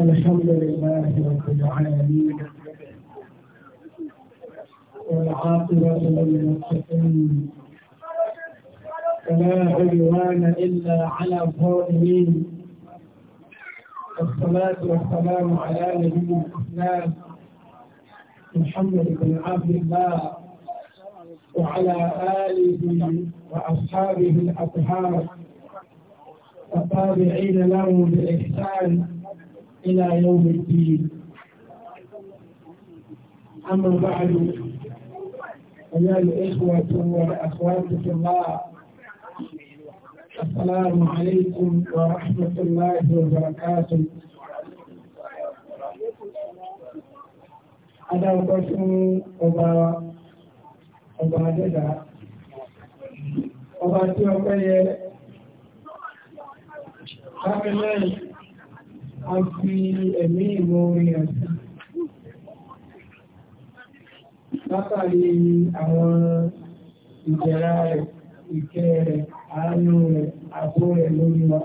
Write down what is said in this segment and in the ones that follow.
الحمد لله رب العالمين والعاقبة للمتقين ولا عدوان إلا على الظالمين والصلاة والسلام على نبي الإسلام محمد بن عبد الله وعلى آله وأصحابه الأطهار والتابعين له بإحسان إلى يوم الدين أما بعد أيها الإخوة والأخوات في الله السلام عليكم ورحمة الله وبركاته أنا fún ọba ọba adẹ́dà ọba tí ọpẹ́ kápẹ́lẹ́rì àti ẹ̀mí ìmọ̀ orin àti látàrí àwọn ìjẹ̀rà rẹ̀, ìkẹ́ rẹ̀, àánú rẹ̀, àbó rẹ̀ lórí wa.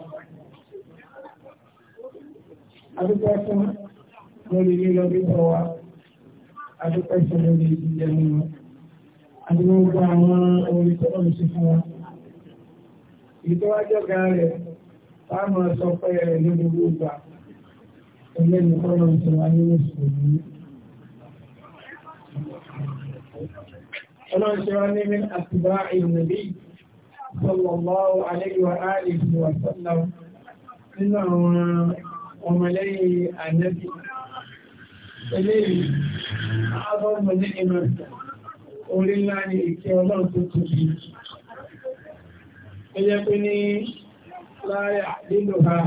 Adúpẹ́ fún lórí lílọ bíbọ̀ wa, adúpẹ́ fún lórí ìjẹ̀ mímọ̀. Adúgbò àwọn orin tó lọ́nà sí fún wa. Ìtọ́wájọ́ ga rẹ̀ táàmù sọ pé ẹ̀ ní gbogbo ìgbà ẹgbẹ́ nìkan náà ti wá ní mùsùlùmí. Ọlọ́run ṣe wá ní min àtìbá ìrìnàbí sallallahu alayhi wa alihi wa ìkẹ́ ọlọ́run tó tóbi. Ó yẹ pé ní láyé àdínú ha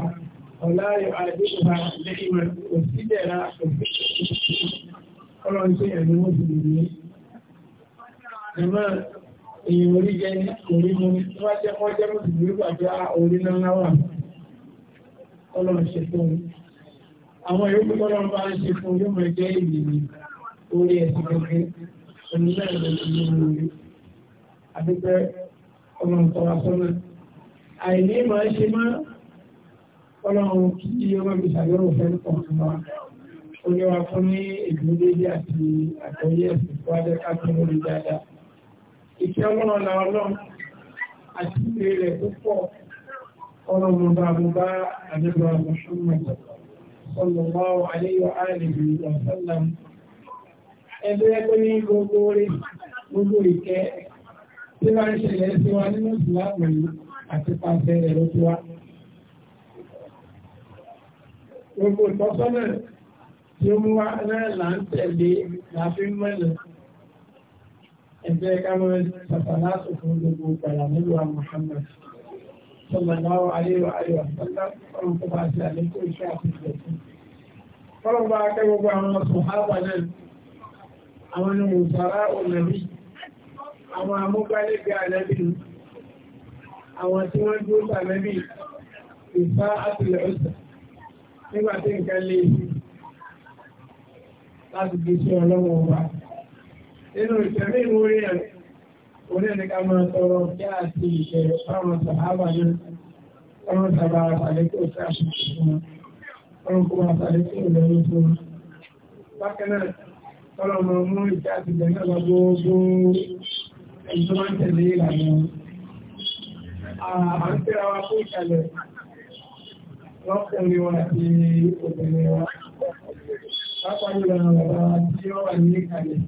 ọláyé àdínú ha lẹ́yìn òsídẹ̀ra ọlọ́run tó yẹ̀ ní wọ́n ti lè ní ẹ̀mọ́ èyàn orí jẹ́ orí mú ní wọ́n jẹ́ wọ́n jẹ́ mùsùlùmí pàdé orí náà wà ọlọ́run ṣe fún un àwọn yòókù tọ́lọ́run bá ń ṣe fún yóò mọ̀ jẹ́ ìlìlì orí ẹ̀sìn kẹ́kẹ́ onílẹ̀ ìlú orí adúpẹ́ ọlọ́run tọ́wọ́ sọ́nà àìní máa ṣe má ọlọ́run kí ọmọ mi ṣàyọ̀rò fẹ́ pọ̀ fún wa ó yẹ wa fún ní ìdúródédé àti àtọ́yé ẹ̀sìn tó wájẹ́ ká tó lórí dáadáa ìfẹ́ ọlọ́run la ọlọ́run àti ìwé rẹ̀ tó pọ̀ ọlọ́run bá mo bá àdébọ̀ tí wọ́n ń ṣẹlẹ̀ sí wa nínú ìsìláàmù yìí àti pàṣẹ rẹ̀ ló ti wá. Gbogbo ìtọ́sọ́nà tí ó mú wá náà là ń tẹ̀lé láfi mọ́lẹ̀. Ẹgbẹ́ káwọn sàfàlá sọ̀tún gbogbo ìgbàlá nílùú wa Muhammad. Sallallahu alaihi wa alihi wa sallam ọ̀run tó bá ṣe àlékún iṣẹ́ àti ìgbẹ̀sìn. Fọ́lọ́ bá kẹ́ gbogbo àwọn sọ̀hábà náà, àwọn ni mùsàrá ònàbí, àwọn amúgbálẹ́gbẹ̀ àlẹ́bìnrin àwọn tí wọ́n dúró sàmẹ́bí ìfá àtìlẹ̀ ọ̀sẹ̀ nígbà tí nǹkan lè láti fi ṣe ọlọ́wọ́ wa. Nínú ìṣẹ̀mí ìwúrí ẹ̀ orí ẹni ká máa tọrọ kí àti ìṣẹ̀rẹ̀ fáwọn sàhábà ní ọmọ sàbà àtàlékò sí àṣìṣe fún wọn, ọmọ kò àtàlékò lẹ́yìn fún wọn. Bákan náà, tọ́lọ̀ mọ̀ mú ìṣẹ́ àtìlẹ̀ náà lọ gbogbo ẹ̀yìn tó máa ń tẹ̀lé ìlànà wọn àǹtẹ́ra wa fún ìṣẹ̀lẹ̀ lọ́kùnrin wa àti obìnrin wa. Pápáyé ìlànà bàbá tí ó wà ní ìkàlẹ̀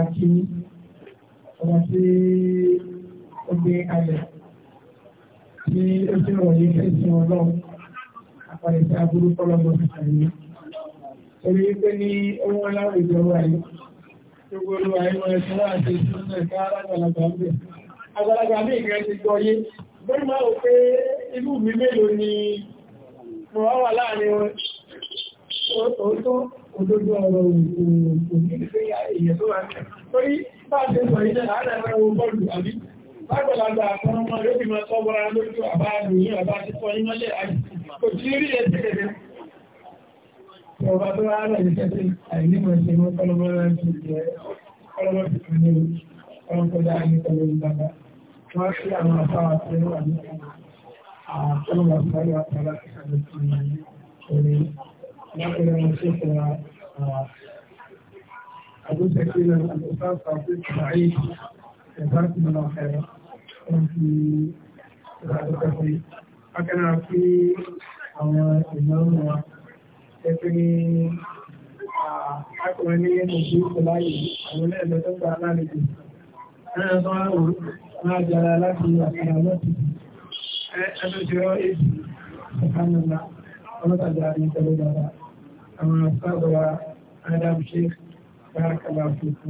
àti ọ̀nà tí ó gbé kalẹ̀ tí ó ti rọ̀ yí ẹ̀sìn ọlọ́run àpàlẹ̀sẹ̀ aburú kọ́lọ́gbọ̀n ìṣàlẹ̀. Torí pé ní owó láwùjọ wa yìí, gbogbo olúwa ẹ̀rọ ẹ̀sìn wà àti ìṣúná ẹ̀ka alágbàlagbà ń bẹ̀ àgbàlagbà ní ìgbẹ́ ti gbọ́ yé bóyí máa ò pé inú mi mélòó ni mo wá wà láàrin òótọ́ òdodo ọ̀rọ̀ òòrùn Lágbàlagbà àwọn ọmọ rẹ̀ bí máa tọ́bọ̀ra lójú àbá àdúyìn àbá ti fọ́ ìmọ́lẹ̀ àìsí. Kò tí rí ẹ̀ tẹ́lẹ̀ Ọba tó rárẹ̀ ìṣẹ́sí àìníwọ̀n ṣe mọ́ ọlọ́mọ́ rẹ̀ ti jẹ́ ọlọ́mọ́ ti kàn ní orí ọ̀rọ̀ tó dáa ní pẹ̀lú ìgbàgbà tí wọ́n sí àwọn afárá tó wà ní àtọ́lọ́wọ́ sáré àtàlá ìsàlẹ̀ tó ní orí lápẹ̀lẹ̀ wọn sí fún wa àgbẹ̀sẹ̀ kí lọ àgbẹ̀sẹ̀ àti ìgbàáyé ẹ̀bá tí mo lọ fẹ́rẹ̀ wọ́n fi ìgbàdọ́kọ̀ sí akẹ́rẹ́ àwọn ìnáwó wa ẹgbẹ́ ní akọ̀rẹ́ ní ẹ̀rọ ajara láti àkàrà láti ẹ̀ẹ́dọ́jọ́ èsì ṣàkánàlá ọlọ́tàjà àrí ìtẹ̀lẹ̀ dára àwọn àṣàbọ̀wà adam sheikh bárakàlá fòfò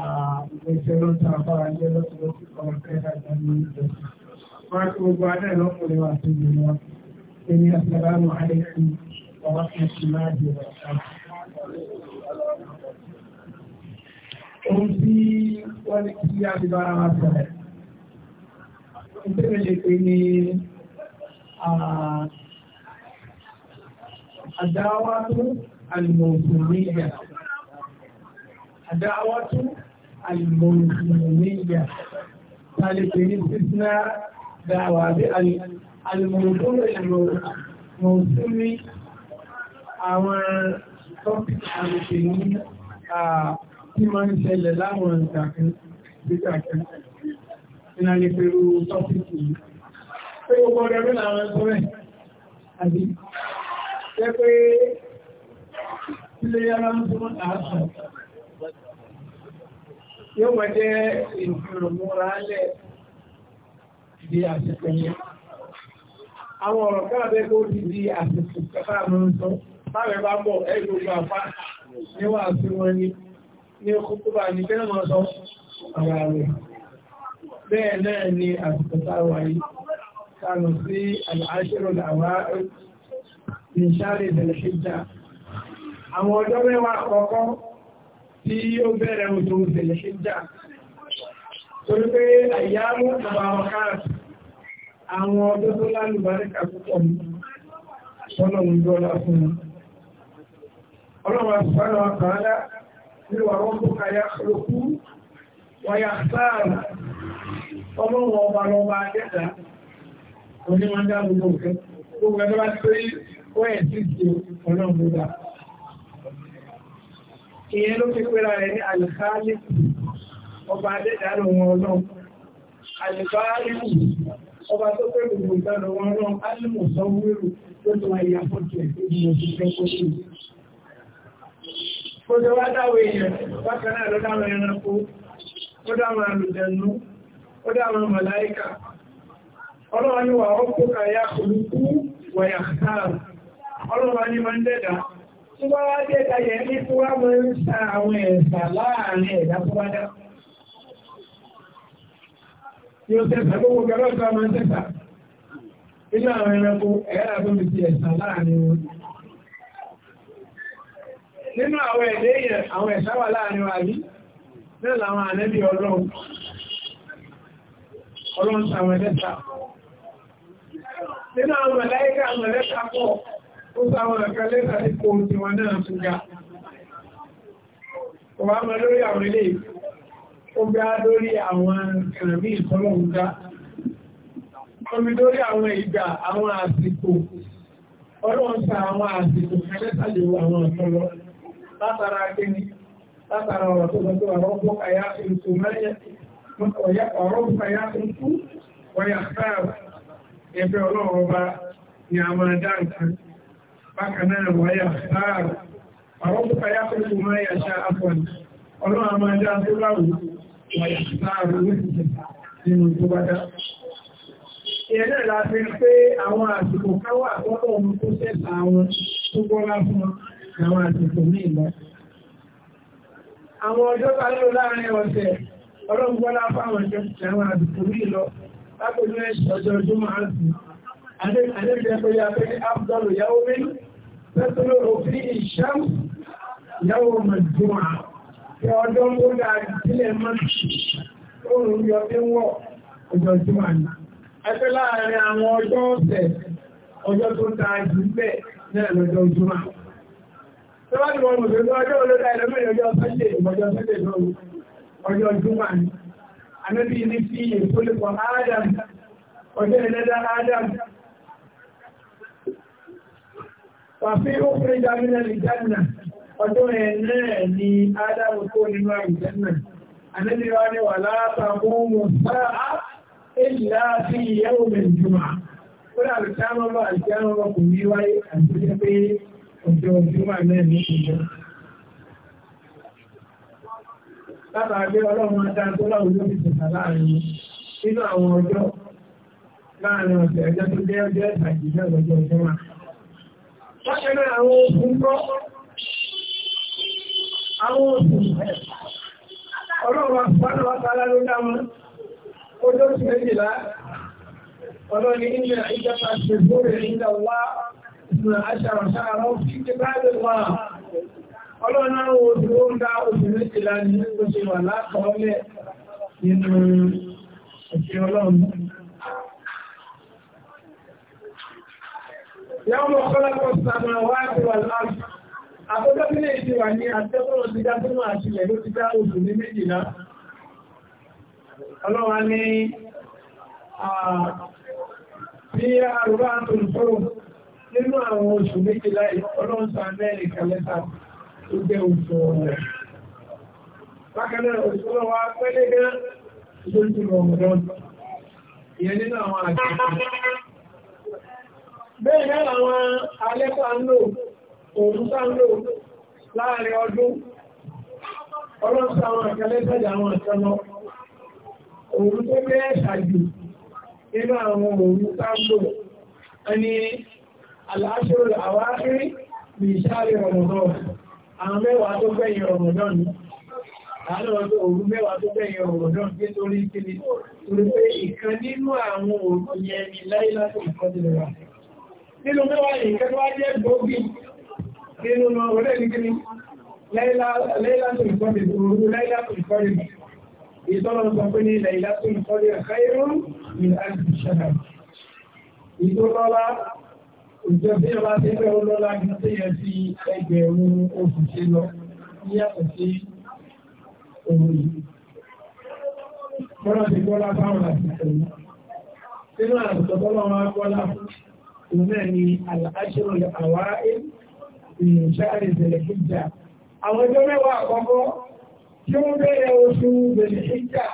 àgbẹ̀ṣẹ́ lọ́ta àbára jẹ́ lọ́tọ̀lọ́tọ̀ ọmọ kẹta ìdánilẹ́ ìjọsìn wọ́n ti gbogbo adẹ́ lọ́kùnrin wa tó yẹ wọn ẹni àṣàbánu àríkù ọwọ́ kẹsì máa jẹ́ ọ̀ṣà ohun tí wọ́n ní kí á ti bára wa sọ̀rọ̀. Ìbéèrè lè pè ní àdáwátú àlùmọ̀ọ̀dùnmíyà. Àdáwátú àlùmọ̀ọ̀dùnmíyà. Ta lè pè ní sísná dáwà bí àlùmọ̀ọ̀dùnmíyà. Àwọn tọ́pì àlùmọ̀ọ̀dùnmíyà tí máa ń ṣẹlẹ̀ láwọn ìdàkẹ́ ìdàkẹ́ ìlànà ìpẹ̀rù tọ́pìtì yìí. Pé ó gbọ́dọ̀ rí láwọn ẹ̀sọ́ rẹ̀, àbí jẹ́ pé ilé yára ń tún àásọ. Yóò mọ̀ jẹ́ ìfìrùmúra lẹ̀ di àsìkò yẹn. Àwọn ọ̀rọ̀ káàbẹ́ kó ti di àsìkò kẹfà mọ́ sọ. Báwẹ̀ bá bọ̀ ẹ̀ gbogbo àpá níwà sí wọn ni ní kúkúbà ní kẹ́lẹ̀ máa sọ ara rẹ̀. Bẹ́ẹ̀ náà ni àsìkò táwà yìí, kànù sí àṣírò làwá ní sáré ìdẹ̀lẹ̀ṣíjà. Àwọn ọjọ́ mẹ́wàá àkọ́kọ́ tí ó bẹ̀rẹ̀ òjò ìdẹ̀lẹ̀ṣíjà. Torí pé àyámú Ọlọ́run gbọ́lá fún mi. Ọlọ́run àṣìfàlọ́ ọkàn ní wàrọ́ tó kàyà lókú wáyà sáàrà ọlọ́run ọba lọ́ba àjẹ́ta oníwọ̀n dá gbogbo nǹkan gbogbo ẹgbẹ́ bá tó yí ó ẹ̀ sí ti ọlọ́run gbogbo ìyẹn ló fi pẹ́ra rẹ̀ ní àlùkáálì ọba àjẹ́ta lòun ọlọ́run àlùkáálì ọba tó pẹ́ gbogbo ìtàn lòun alìmọ̀sán wúrò tó tó ayé àpọ̀jù ẹ̀ Kò jẹ wá dáwọ èèyàn, bákan náà ló dáwọn ẹranko, ó dáwọn àlùjẹ̀nú, ó dáwọn màláíkà. Ọlọ́run ni wà ó kó olùkú wọ̀yà sáàrù. Ọlọ́run ni máa ń dẹ̀dà. Tí wọ́n wá dẹ̀dà yẹ ní kí àwọn ẹ̀sà láàárín ẹ̀dá tó bá dá. Yóò tẹ́sà nínú àwọn ẹ̀dẹ́ yẹn àwọn ẹ̀ṣá wà láàrin wa ní náà làwọn ànẹ́bí ọlọ́run ọlọ́run sàwọn ẹ̀dẹ́ta nínú àwọn mẹ̀láíkà àwọn pọ̀ ó sàwọn ẹ̀kẹ́ lẹ́ta ní kò tí wọn náà tún ga lórí àwọn ilé ó lórí àwọn ọlọ́run sa àwọn látara kíni látara ọ̀rọ̀ tó lọ sí ọ̀rọ̀ fún àyà tuntun mẹ́yẹ ọ̀rọ̀ fún àyà tuntun ọ̀yà fẹ́ẹ̀rẹ̀ ẹgbẹ́ ọlọ́run ọba ni a máa dá nǹkan bákan náà wọ́yà fẹ́ẹ̀rẹ̀ ọ̀rọ̀ fún àyà tuntun mẹ́yẹ ṣá àfọ̀nì ọlọ́run a máa dá tó láwù ọ̀yà fẹ́ẹ̀rẹ̀ lóṣìṣẹ́ nínú tó bá dá ìyẹn náà la pé àwọn àsìkò káwà tọ́lọ́run tó ṣẹ̀ta àwọn tó gbọ́lá fún wọn àwọn àtìkò ní ìlọ. Àwọn ọjọ́ bá lò láàrin ọ̀sẹ̀, ọlọ́gbọ́lá fáwọn ọjọ́ ti àwọn àtìkò ní ìlọ lápẹjú ẹ̀ṣẹ̀ ọjọ́ ọjọ́ máa ń sí. Adébìyàn tó yá pé Abdul Yahoo Bin, Pẹ́tọ́lọ́ òfin ìṣẹ́m Yahoo Mẹ́jọ́mà, kí ọjọ́ ń gbọ́dá sílẹ̀ mọ́ oòrùn yọ tí wọ́ ọjọ́ ọjọ́ àná. Ẹgbẹ́ láàrin àwọn ọjọ́ ọ̀sẹ̀, ọjọ́ tó ta jù bẹ́ẹ̀ náà lọ́jọ́ ọjọ́ àná. Ọjọ́ ẹlẹ́dá Adam, Wàfí ó fún ìdámínà ìjánà, ọjọ́ ẹ̀nẹ́ ni Ádámù tó nínú àìjánà. Àníbíwá ni wà látàkún mú sáà èlà sí ìyẹ́wò mẹ́jùmá. Ó dàbí kí á mọ́ bá àti ọjọ́ ojúmọ̀ náà ní ìjọ. Látàrí ọlọ́run adá tó láwọn olóbi tẹ̀sà láàrin nínú àwọn ọjọ́ láàrin ọ̀sẹ̀ ọjọ́ tó jẹ́ ọjọ́ ìtàjíjẹ́ ọjọ́ ojúmọ̀. Wọ́n ṣe náà àwọn oṣù ń kọ́. Àwọn oṣù ọlọ́run àpárá wa tààrà ló dá wọn. Ọjọ́ oṣù méjìlá. Ọlọ́run ní ìjọba ṣe gbóre nílẹ̀ wá ìsìnà aṣàrọ̀ ṣàrọ̀ fi ti báyìí wà ọlọ́nà oṣù ó ń dá oṣù méjìlá ní oṣù wà lákọọ́lẹ̀ nínú òṣè ọlọ́run yàwọn ọkọ́lọ́pọ̀ sàmà wá ti wà láàrín àkọ́jọ́ tí lè ti wà ní àtẹ́kọ́rọ̀ nínú àwọn oṣù méjìlá ọlọ́ọ̀sán amẹ́ríkà lẹ́ta tó jẹ́ oṣù ọ̀rẹ́ bákanáà oṣù lọ́wọ́ pẹ́lẹ́ gán lójú ọmọdán ìyẹn nínú àwọn àjẹ́kù bẹ́ẹ̀ náà àwọn alẹ́kọ̀ àńlò òun sáńlò ọdụ, ọdún aláṣẹ́rò àwárí ní ìṣàrí ọmọdán àwọn mẹ́wàá tó gbẹ̀yìn ọmọdán ní àwọn òru mẹ́wàá tó gbẹ̀yìn ọmọdán gbé torí kíni torí pé ìkan nínú àwọn òru yẹn ni láyé láti ìkọ́dìlẹ̀ wà nínú mẹ́wàá yìí kẹ́ wá pé ní ilẹ̀ ìlàtún ìkọ́lẹ̀ ẹ̀kọ́ ìrún ní àìsíṣẹ́lẹ̀. Ìtọ́lọ́lá Òjò bí ọba ti fẹ́ olóla gan tó yẹ sí ẹgbẹ̀rún oṣù ṣe lọ ní yàtọ̀ sí òun yìí. Bọ́lá ti gbọ́lá fáwọn àtìkò yìí. Nínú àtìkò bọ́lá wọn gbọ́lá fún òun náà ni àṣírò àwa ìrìnṣẹ́ ìṣẹ̀lẹ̀ kíjà. Àwọn ọjọ́ mẹ́wàá àkọ́kọ́ tí ó bẹ̀rẹ̀ oṣù bẹ̀rẹ̀ kíjà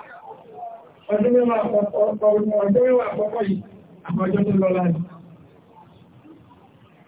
ọdún mẹ́wàá àkọ́kọ́ yìí àwọn ọjọ́ tó lọ́lá yìí.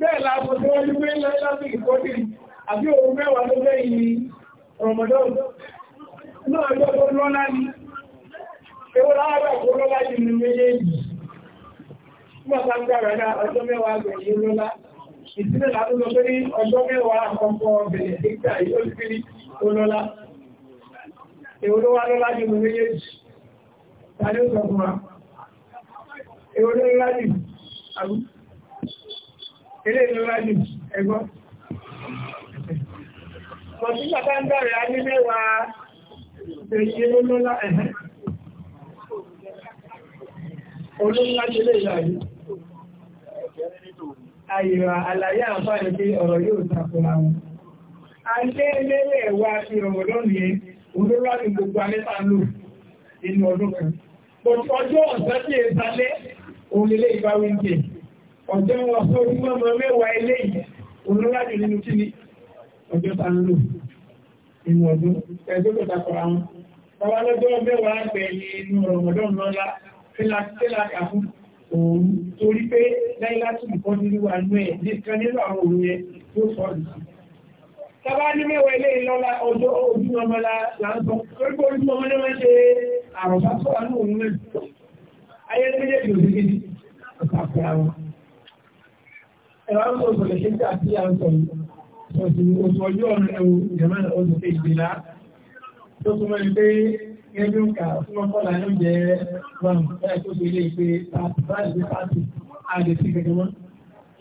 bẹ́ẹ̀ láàbò tí wọ́n gbé láti ìkọ́dì àbí òun mẹ́wàá ló lẹ́yìn Ramadan náà ọjọ́ tó lọ́lá ní ewó láàárọ̀ kó lọ́lá jù ní méjèèjì mọ́ta ń gbára náà ọjọ́ mẹ́wàá gbẹ̀yìn lọ́lá ìsílẹ̀ látúnlọ pé ní ọjọ́ mẹ́wàá àkọ́kọ́ bẹ̀rẹ̀ dígbà yóò fi rí olọ́lá ewó ló wá lọ́lá jù ní méjèèjì tàbí ó sọ fún wa ewó ló lọ́lá jù Ilé ìlú Rájì, ẹgbọ́. Mọ̀sílá bá ń bẹ̀rẹ̀ ayé mẹ́wàá èyí olóla ẹ̀hẹ́. Olóla ti lè láyé. Àyíwà àlàyé àǹfààní pé ọ̀rọ̀ yóò takọ̀ra wọn. A ń lé lélẹ̀ wa fi ọ̀rọ̀ lónìí, olóla ni gbogbo alẹ́ta lò nínú ọdún kan. Ọjọ́ ọ̀sán tí è sálẹ́, òun lè ìbáwí ń tèè ọjọ́ wọn fún onímọ̀ ọmọ mẹ́wàá eléyìí olúwájú nínú kí ni ọjọ́ ta ń lò nínú ọdún ẹgbẹ́ tó takọ̀rọ̀ àwọn bàbá lọ́jọ́ mẹ́wàá gbẹ̀yìn inú ọmọdún lọ́la fílàtílà àfún òun torí pé lẹ́yìn láti nǹkan nínú àánú ẹ̀ nìkan nínú àwọn òun yẹn tó sọ ọ́ Tọ́bá ní mẹ́wàá ilé ìlọ́lá ọjọ́ ojú ọmọ láńsọ, orígbò ojú ọmọ ní wọ́n ṣe àrọ̀fà tó wà ní òun mẹ́rin. Ayé tó jẹ́ ìròyìn gidi, ọ̀pàá ẹ̀rọ àwọn òṣèlè ṣe tí àti àǹsọ̀ oṣù ọjọ́ ẹ̀wò ìjẹ̀mọ́ oṣù kejìlá tó túnmọ́ ní pé gẹ́gẹ́ ń kà fún ọkọ̀lá ló jẹ́ wọn bẹ́ẹ̀ tó ṣe ilé ìpè pàtàkì pàtàkì àdè sí gẹ́gẹ́ mọ́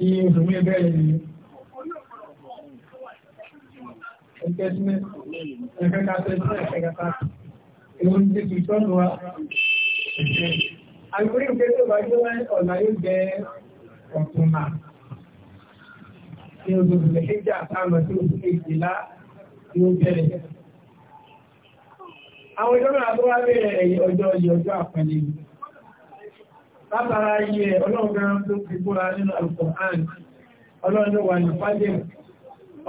iye oṣù mú ẹgbẹ́ rẹ̀ nìyẹn. Ẹgbẹ́ tí ẹgbẹ́ ká tẹ́ sí ẹgbẹ́ ká tà. Èwo ni ti fi tọ́nu wa? Àgbórí ìgbésẹ̀ wájú ọ̀la yóò jẹ́ ọ̀tún náà ní oṣù lẹ́kẹ́jà táwọn tí oṣù lá, ni ó bẹ̀rẹ̀. Àwọn ìjọba àti wá bẹ̀rẹ̀ ọjọ́ yìí ọjọ́ àpẹẹlẹ. Látara yìí ẹ̀ ọlọ́run gan tó ti búra nínú Al-Qur'an, ọlọ́run ló wà ní Fájẹ̀,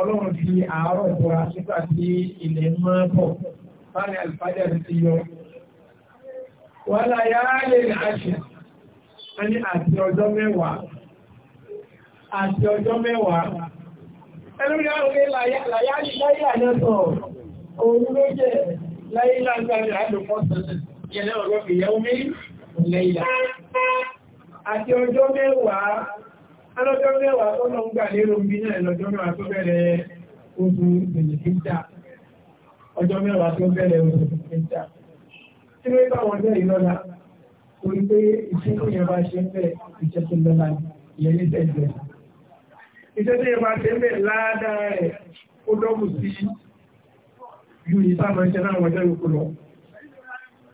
ọlọ́run fi àárọ̀ búra nígbà tí ilẹ̀ máa bọ̀, báyìí Al-Fájẹ̀ ti yọ. Wàhálà yára lè ní àṣẹ, a ní àti ọjọ́ mẹ́wàá àti ọjọ́ mẹ́wàá ẹnu rí àwọn ilé láyá lẹ́tọ̀ òun ló jẹ́ láyé lágbàrí àdùkọ́ sọ́sẹ̀ yẹ̀lẹ́ ọ̀rọ̀ ìyẹ́wó méjì lẹ́yìnlá àti ọjọ́ mẹ́wàá alọ́jọ́ mẹ́wàá tó lọ ń gbà lérò bí náà lọ́jọ́ mẹ́wàá tó bẹ̀rẹ̀ oṣù bèlìkítà ọjọ́ mẹ́wàá tó bẹ̀rẹ̀ oṣù bèlìkítà tí wọ́n bá wọn bẹ̀rẹ̀ lọ́la torí pé ìṣẹ́kùn yẹn bá ṣe ń bẹ̀ ìṣẹ́kùn lọ́la ìyẹn ní tẹ̀gbẹ̀rẹ̀ iṣẹ́ tí ìbá ṣe mẹ́ láàdáa ẹ̀ ó dọ́gbù sí yìí ìsáàmà ṣe náà wọ́n jẹ́rù kúrò.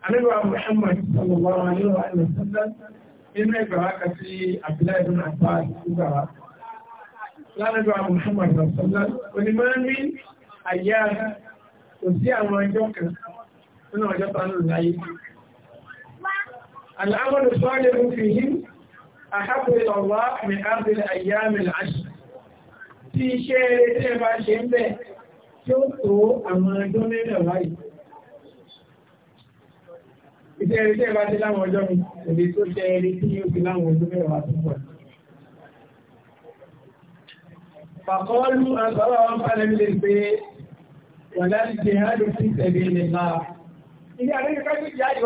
Alẹ́gbà Muhammad sallallahu alaihi wa sallam inú ẹgbàá kà sí Abdullahi bin Abbas gbàwá. Lálẹ́gbà Muhammad sallallahu onímọ̀ ní àyà kò sí àwọn ọjọ́ kan nínú ọjọ́ tó ń lò láyé. Àlàámọ̀lù sọ́ọ́lẹ̀ ń fi yí àhábùlọ̀ wá min ábìlì àyà mi láṣì. tí iṣẹ́ tí ẹ bá ṣe ń bẹ̀ tí ó tó àwọn ọjọ́ mẹ́rẹ̀ wáyé. Iṣẹ́ rí tí ẹ bá ti láwọn ọjọ́ mi, èdè tó jẹ́ rí tí ó fi láwọn ọjọ́ mẹ́rẹ̀ wá tó pọ̀. Fàkọ́ọ́lù àgbàwà wọn pàdé mi lè pé wà láti jẹ hádùn sí tẹ̀lé lè máa. Ilé àríkà tó jẹ́ àjọ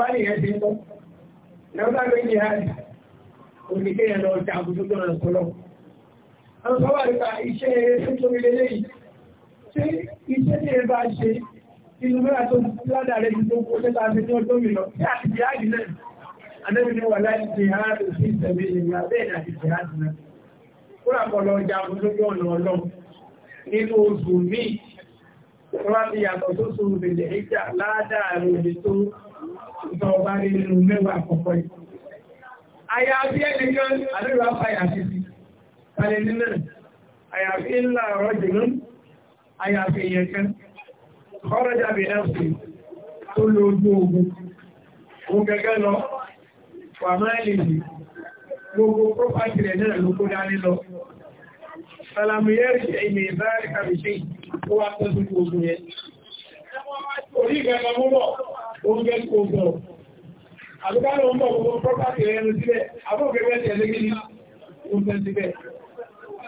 wá àwọn sọ́wọ́ àríkà iṣẹ́ nítorí lélẹ́ yìí tí iṣẹ́ tí ẹ bá ṣe inú mẹ́ra tó ládà rẹ̀ ní gbogbo lẹ́ta àti ní ọjọ́ mi lọ tí àti jihadi náà anẹ́bí ni wà láti ṣe ha rẹ̀ sí ìtẹ̀mí ìrìnà bẹ́ẹ̀ àti jihadi náà kúrò àpọ̀lọ ọjà lójú ọ̀nà ọlọ́run nínú oṣù míì wọ́n ti yàtọ̀ tó sùn bèlè ìjà ládàá rẹ̀ òde tó ìtọ̀ọ̀bá nínú mẹ́wàá àkọ́kọ́ yìí. àyà àbí ẹnìkan àdúrà fàyà sí sí alẹ́ni náà àyàfi ńlá rọ́jùlú àyàfi ìyẹ̀kẹ́ ọ̀rọ̀jábì ẹ̀fì tó lè ojú ogun ogun gẹ́gẹ́ lọ wà máa lè yìí gbogbo própàtì rẹ̀ náà ló kó dání lọ salamiyari ẹ̀mẹ̀ ìbáyàrí kàbíṣẹ́ ó wá tó sí ogun yẹn orí ìgbẹ̀gbẹ̀ múbọ̀ oúnjẹ ogun gbogbo própàtì rẹ̀ ẹnu síbẹ̀ àbúkẹ́gbẹ̀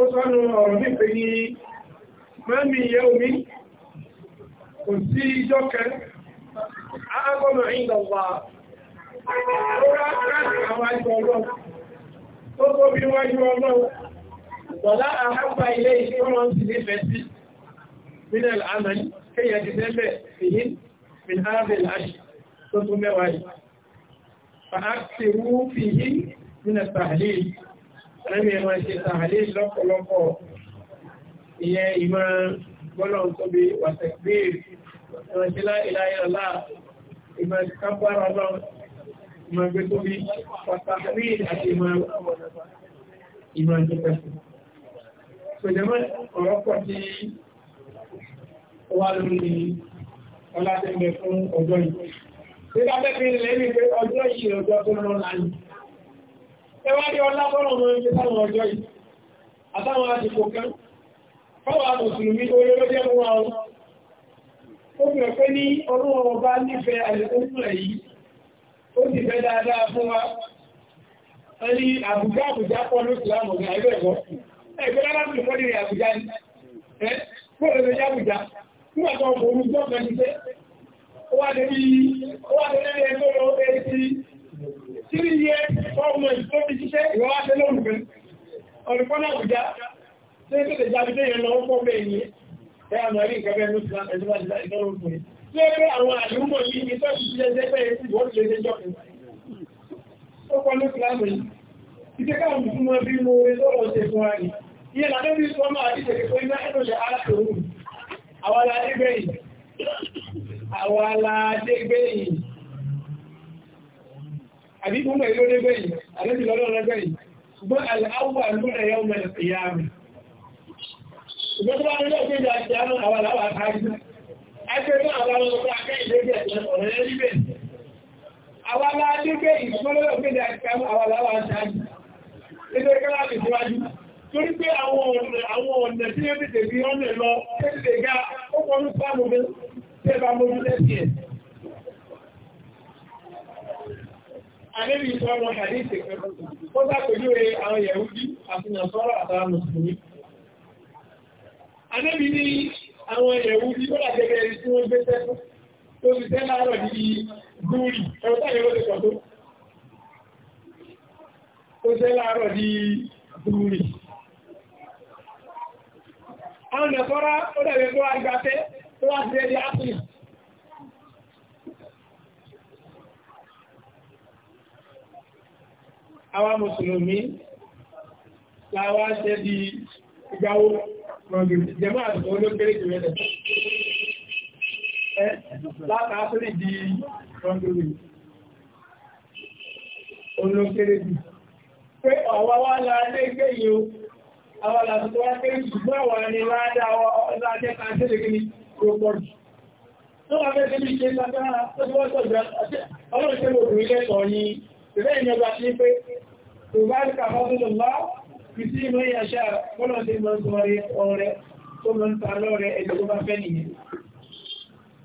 ó sọ́nù ọ̀rọ̀ nípe ní mẹ́mí ìyẹ́ omi kò sí ijọ́ kẹ́ agbọ́nà ìdọ̀wà ó rá káàkiri àwọn àjọ ọlọ́run tó tó bí wájú ọlọ́run wọ̀lá àhápa ilé ìṣẹ́ ọlọ́run sì nífẹ̀ẹ́ sí minel amani kéyà ti tẹ́lẹ̀ fìhí min harvey lash tó tó mẹ́wàá yìí fa á ti rú fìhí minel tahlil Ànábì ẹ̀mọ́ ṣe tààlé lọ́pọ̀lọpọ̀ ìyẹn ìmọ̀ gbọ́lọ̀n tóbi wàtẹ̀gbìr ìrọ̀sílá ìlàyàlá ìmọ̀ kábára lọ ìmọ̀ gbé tóbi wàtàgbìr àti ìmọ̀ ìjọpẹ̀. Sọ̀jẹ̀mọ́ ọ̀rọ̀pọ̀ ti wà lórí ọlá tẹ́gbẹ̀ fún ọjọ́ yìí. Tí ẹwárí ọlá tọ́rọ ẹgbẹ́ láwọn ọjọ́ yìí àtàwọn àsìkò kan fọ́wà mùsùlùmí olóòjẹ́ mú wa ọ́ ó bẹ̀rẹ̀ pé ní ọlọ́wọ́ bá nífẹ̀ẹ́ àlẹ́kùnrin yìí ó sì fẹ́ dáadáa fún wa ẹni àbùjá àbùjá pọ̀ ló ni three years, four months tó ti ṣiṣẹ́ ìwọ́wá ṣe lórùkún. Ọ̀rùkọ́nà Àbújá, tí ó tètè jáde tó yẹn lọ pọ̀ bẹ́ẹ̀ ni, ẹ àmọ́ rí nǹkan bẹ́ẹ̀ ló ti láti ẹjọ́ láti láti lọ́rùn fún mi. Tí ó pé àwọn àlùmọ̀ yìí ni tó ti ṣiṣẹ́ jẹ́ pé èsì wọ́n ti lè ṣe jọ́kùn. Ó kọ́ ló ti láàmù yìí. Ìjẹ́ káwọn fún wọn bí mo rí lọ́rọ̀ ṣe fún wa ni. Iye làdé bí wọ́n máa ti tètè pé iná ẹ̀rọ ṣe aláṣòwò. Àwọn aládé gbẹ̀yìn. Àwọn aládé gbẹ̀yìn àbí fún mẹ́rin lórí bẹ́yìn àdébì lọ́dọ̀ lọ́gbẹ̀yìn ṣùgbọ́n aláwọ̀ àlúrà yau mẹ́rin ìyáàmì ṣùgbọ́n tó bá rí lọ́gbẹ̀ ìjà àti àwọn àwọn àwọn àtàrí ẹgbẹ̀rún àwọn ọlọ́gbẹ̀ akẹ́ ìdẹ́gbẹ̀ ọ̀rẹ́ rí bẹ́ẹ̀ àwọn aládébẹ̀ ìṣọ́lọ́gbẹ̀ ìjà àti àwọn àwọn àtàrí ẹgbẹ̀rún kọ́lá ti síwájú torí pé àwọn ọ̀nà tí ó ti tẹ̀lé ọ̀nà lọ tẹ́lẹ̀ ga ó kọ́ ní sáàmù mi tẹ́ bá mọ́jú lẹ́sìn ẹ̀ Àníbi ìṣọ́rọ̀ àdíṣẹ́ ó sàpèjú rẹ̀ àwọn Yẹ̀húdí àti Nàṣọ́rọ̀ àtàrà Mùsùlùmí. Àníbi ní àwọn Yẹ̀húdí ó làgẹ́gẹ́ tí wọ́n gbé tẹ́kù tó ti tẹ́ láàárọ̀ ní gúúrì ẹ̀rọ táyẹ̀ ló ti pọ̀ tó. Ó tẹ́ láàárọ̀ ní gúúrì. Àwọn Nàṣọ́rọ̀ ó dàbẹ̀ tó wá gbafẹ́ tó wá ti àwa mùsùlùmí láwá ṣe di ìgbàwó rọ̀gbìn jẹmọ́ àtìkò olókèrè jù rẹ̀ látà áfírí di rọ̀gbìn olókèrè jù pé ọ̀wá wá láàrín ẹgbẹ́ yìí o àwọn àtìkò wá pé ṣùgbọ́n wà ní ládàá ọ̀dá jẹ́ kàńtẹ́lẹ̀ kí ni rọ̀pọ̀jù tó wà fẹ́ tẹ́lẹ̀ ìṣẹ́ lágbára tó ti wọ́n sọ̀gbà ọlọ́run tẹ́lẹ̀ òkú ilẹ̀ sọ ذلك فضل الله يسيء من يشاء kọ́lọ̀ sí mọ́ sọ́rí ọrẹ tó mọ́ sàánà rẹ̀ ẹ̀dẹ̀ tó bá fẹ́ nìyẹn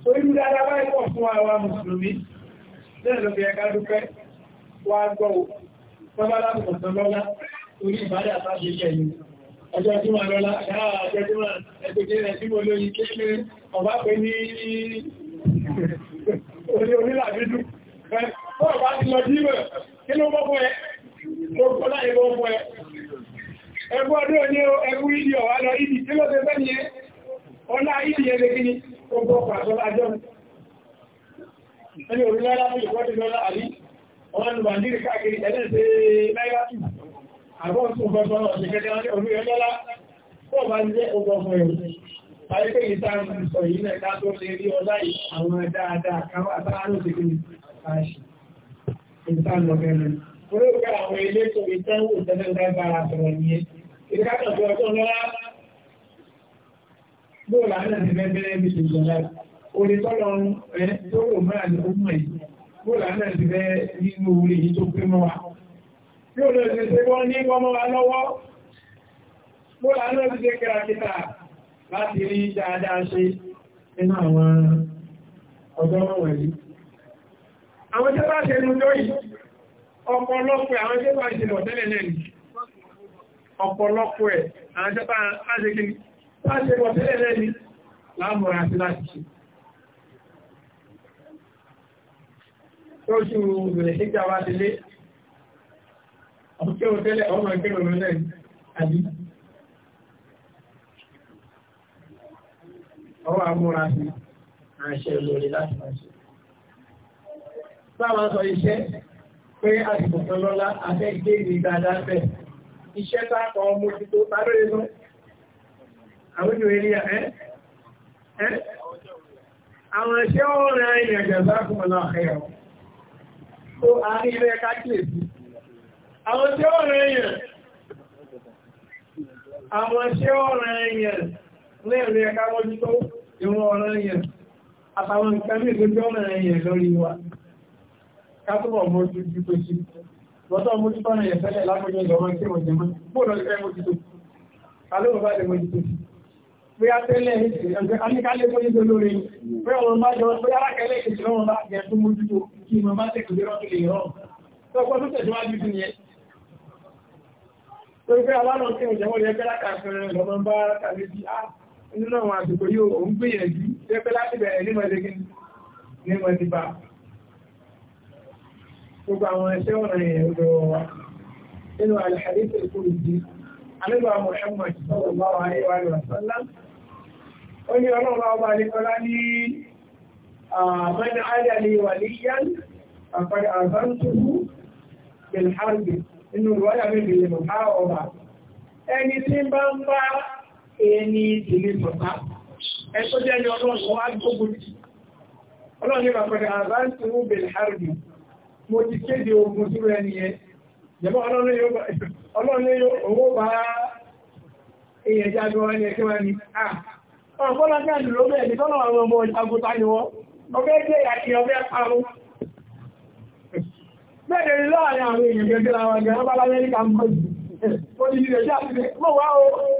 orí dáadáa báyìí pọ̀ fún àwa mùsùlùmí lẹ́rẹ̀ lọ́fẹ́ ẹ̀ká dúpẹ́ wà gbọ́ bàbá lábùkọ̀tàn lọ́lá orí ìbádà bá ṣe jẹ́ yìí ọjọ́ tí wọ́n lọ́lá dáa ọjọ́ tí wọ́n ẹgbẹ̀gbẹ̀ rẹ̀ tí mo lóyí kéèkéé ọba pé ní orí orílẹ̀-àdídú ọba ti lọ díwẹ̀ Àríkè ìta ìsọ̀ yìí náà ká tó lè rí ọlá àwọn dáadáa káwà tààrù ti kí àṣì ìta lọ́gbẹ̀rẹ̀. Orí òkè àwọn ilé tó ìtẹ́wò tẹ́lẹ̀ dágbàra sọ̀rọ̀ ní ẹ́. Ìdíkátà tó ọjọ́ lọ́lá bóòlà náà ti bẹ́ẹ̀bẹ́rẹ́ bí ti lọ́lá. Orí tọ́lọ́run ẹ̀ tó rò mọ́ra ní ó mọ̀ yìí. Bóòlà náà ti bẹ́ẹ̀ nínú orí yìí tó pé mọ́ wa. Yóò lọ sí ṣe wọ́n ní wọ́n mọ́ wa lọ́wọ́ múra náà ti jẹ́ kẹra kíta láti rí dáadáa ṣe nínú àwọn ọjọ́ wọ̀nyí. Àwọn tí bá ṣe lójó yìí, ọ̀pọ̀lọpọ̀ àwọn tí bá ṣe lọ tẹ́lẹ̀ náà ni. Ọ̀pọ̀lọpọ̀ ẹ̀ àwọn tí bá ṣe kí ni, bá ṣe lọ tẹ́lẹ̀ náà ni láàmùra sí láti ṣe. Tóṣù ìrẹ̀ síkà wá sílé, ọ̀pọ̀ kí ọwọ́ amúra sí àṣẹ lórí láti máa ṣe. Sáwọn sọ iṣẹ́ pé àsìkò kan lọ́lá afẹ́ gbé ìrì dáadáa bẹ̀. Iṣẹ́ tá kọ ọmọ ojú tó parí lọ. Àwọn ìwé rí ẹ́ ẹ́. Àwọn iṣẹ́ ọ̀rẹ́ ìrìn àjẹ̀ sáàkùn mọ̀ náà ẹ̀rọ. Tó àárín ilé ẹ̀ká kìlèsí. Àwọn iṣẹ́ ọ̀rẹ́ ìyẹn. Àwọn iṣẹ́ ọ̀rẹ́ ìyẹn lẹ́ẹ̀rẹ́ ẹ̀ká mọ́jú tó ìwọ̀n ọ̀rọ̀ yẹn àtàwọn nǹkan ní ìgbẹ́jọ́ ọ̀rọ̀ yẹn lórí wa kátọ́bọ̀ mọ́jú tí tó sí lọ́tọ́ mọ́jú tọ́nà yẹn fẹ́lẹ̀ lápọ̀jọ́ ìjọba kí wọ́n jẹ mọ́ bóòdọ̀ ìfẹ́ mọ́jú tó alóòrò bá lè mọ́jú tó sí pé a tẹ́lẹ̀ ẹ̀sẹ̀ aníkálé tó yíso lórí pé ọmọ bá jọ pé alákẹ́lẹ́ ìṣẹ́ lọ́wọ́ bá jẹ tó mọ́jú tó kí mọ́ bá tẹ̀kù lérọ́ tó lè rọ̀ tọ́pọ̀ tó tẹ̀síwájú sí yẹn torí pé alálọ́ tí ó jẹ́wọ́ yẹ kẹ́lákàá fẹ́rẹ̀ lọ́mọ bá kàlẹ́ sí á ah, nínú àwọn àsìkò yóò ò ń gbìyànjú pẹ́pẹ́ láti bẹ̀rẹ̀ nímọ̀dégín nímọ̀díbà gbogbo àwọn ẹṣẹ́ ọ̀nà èèyàn lọ́wọ́ wa nínú al-hadith al-qudsi alẹ́gbà Muhammad sallallahu alaihi wa sallam ó ní ọlọ́run ọba alẹ́kọlá ní man adali waliyan àpàdé ẹni ìdílé bàbá ẹ̀tọ́ jẹ́ ní ọlọ́run wá gbogbo jù ọlọ́run ní bàbá àbáǹtì ń bèèrè harbi mo ti kéde ogun rẹ̀ ọlọ́run ní èèyàn ni àti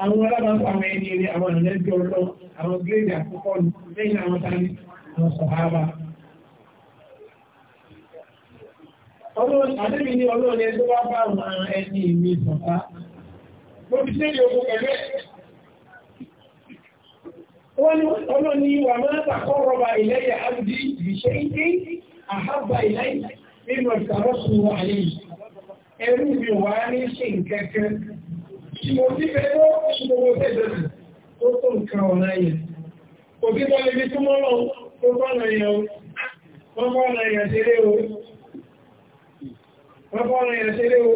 àwọn alábàápọ̀ àwọn ẹni eré àwọn ìrìnlẹ́bí ọlọ́ àwọn gírèdì àkọ́kọ́ lẹ́yìn àwọn tani àwọn sọ̀hábà Adébì ní ọlọ́run ẹni bá àwọn ẹni ìmí sọ̀tá. ìmọ̀ sífẹ́ tó ṣùgbogbo tẹ́jọ́sì tó tó nǹkan ọ̀nà yẹn. Òbí bá lè tó bọ́nà yẹn wọ́n bọ́nà o. Wọ́n bọ́nà yẹn ṣeré o.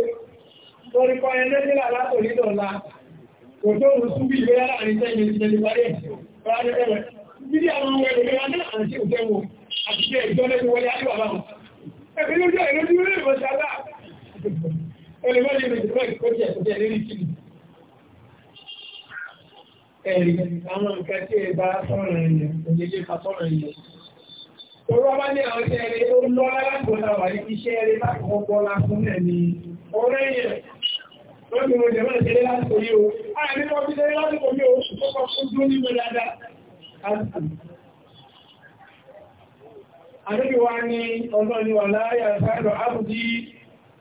Torí pa ẹni nílà látò ní dọ̀la. Kò tó ń sún bí ìgbéyà láàrin sẹ́yìn ìṣẹ̀lẹ̀ parí ẹ̀. Bí àwọn ọmọ ẹ̀rọ ẹ̀rì àwọn nǹkan tí ẹ bá sọ̀rọ̀ ẹ̀yẹ̀ òjèjì ká sọ̀rọ̀ ẹ̀yẹ̀. Torọ́ bá ní àwọn iṣẹ́ rẹ̀ ó lọ́lá láti ọ̀dà wà ní iṣẹ́ rẹ̀ láti kọ́kọ́ lásán náà ni ọ̀rẹ́ yẹ̀. Wọ́n ti mo jẹ̀mọ́ ìṣẹ́lẹ̀ láti orí o. A ní wọ́n fi ṣẹlẹ̀ láti orí o, kọ́kọ́ fún dúró ní ìwọ̀dada. Àdébí wa ní ọlọ́ni wà láyà sáàdọ̀ ábùdí,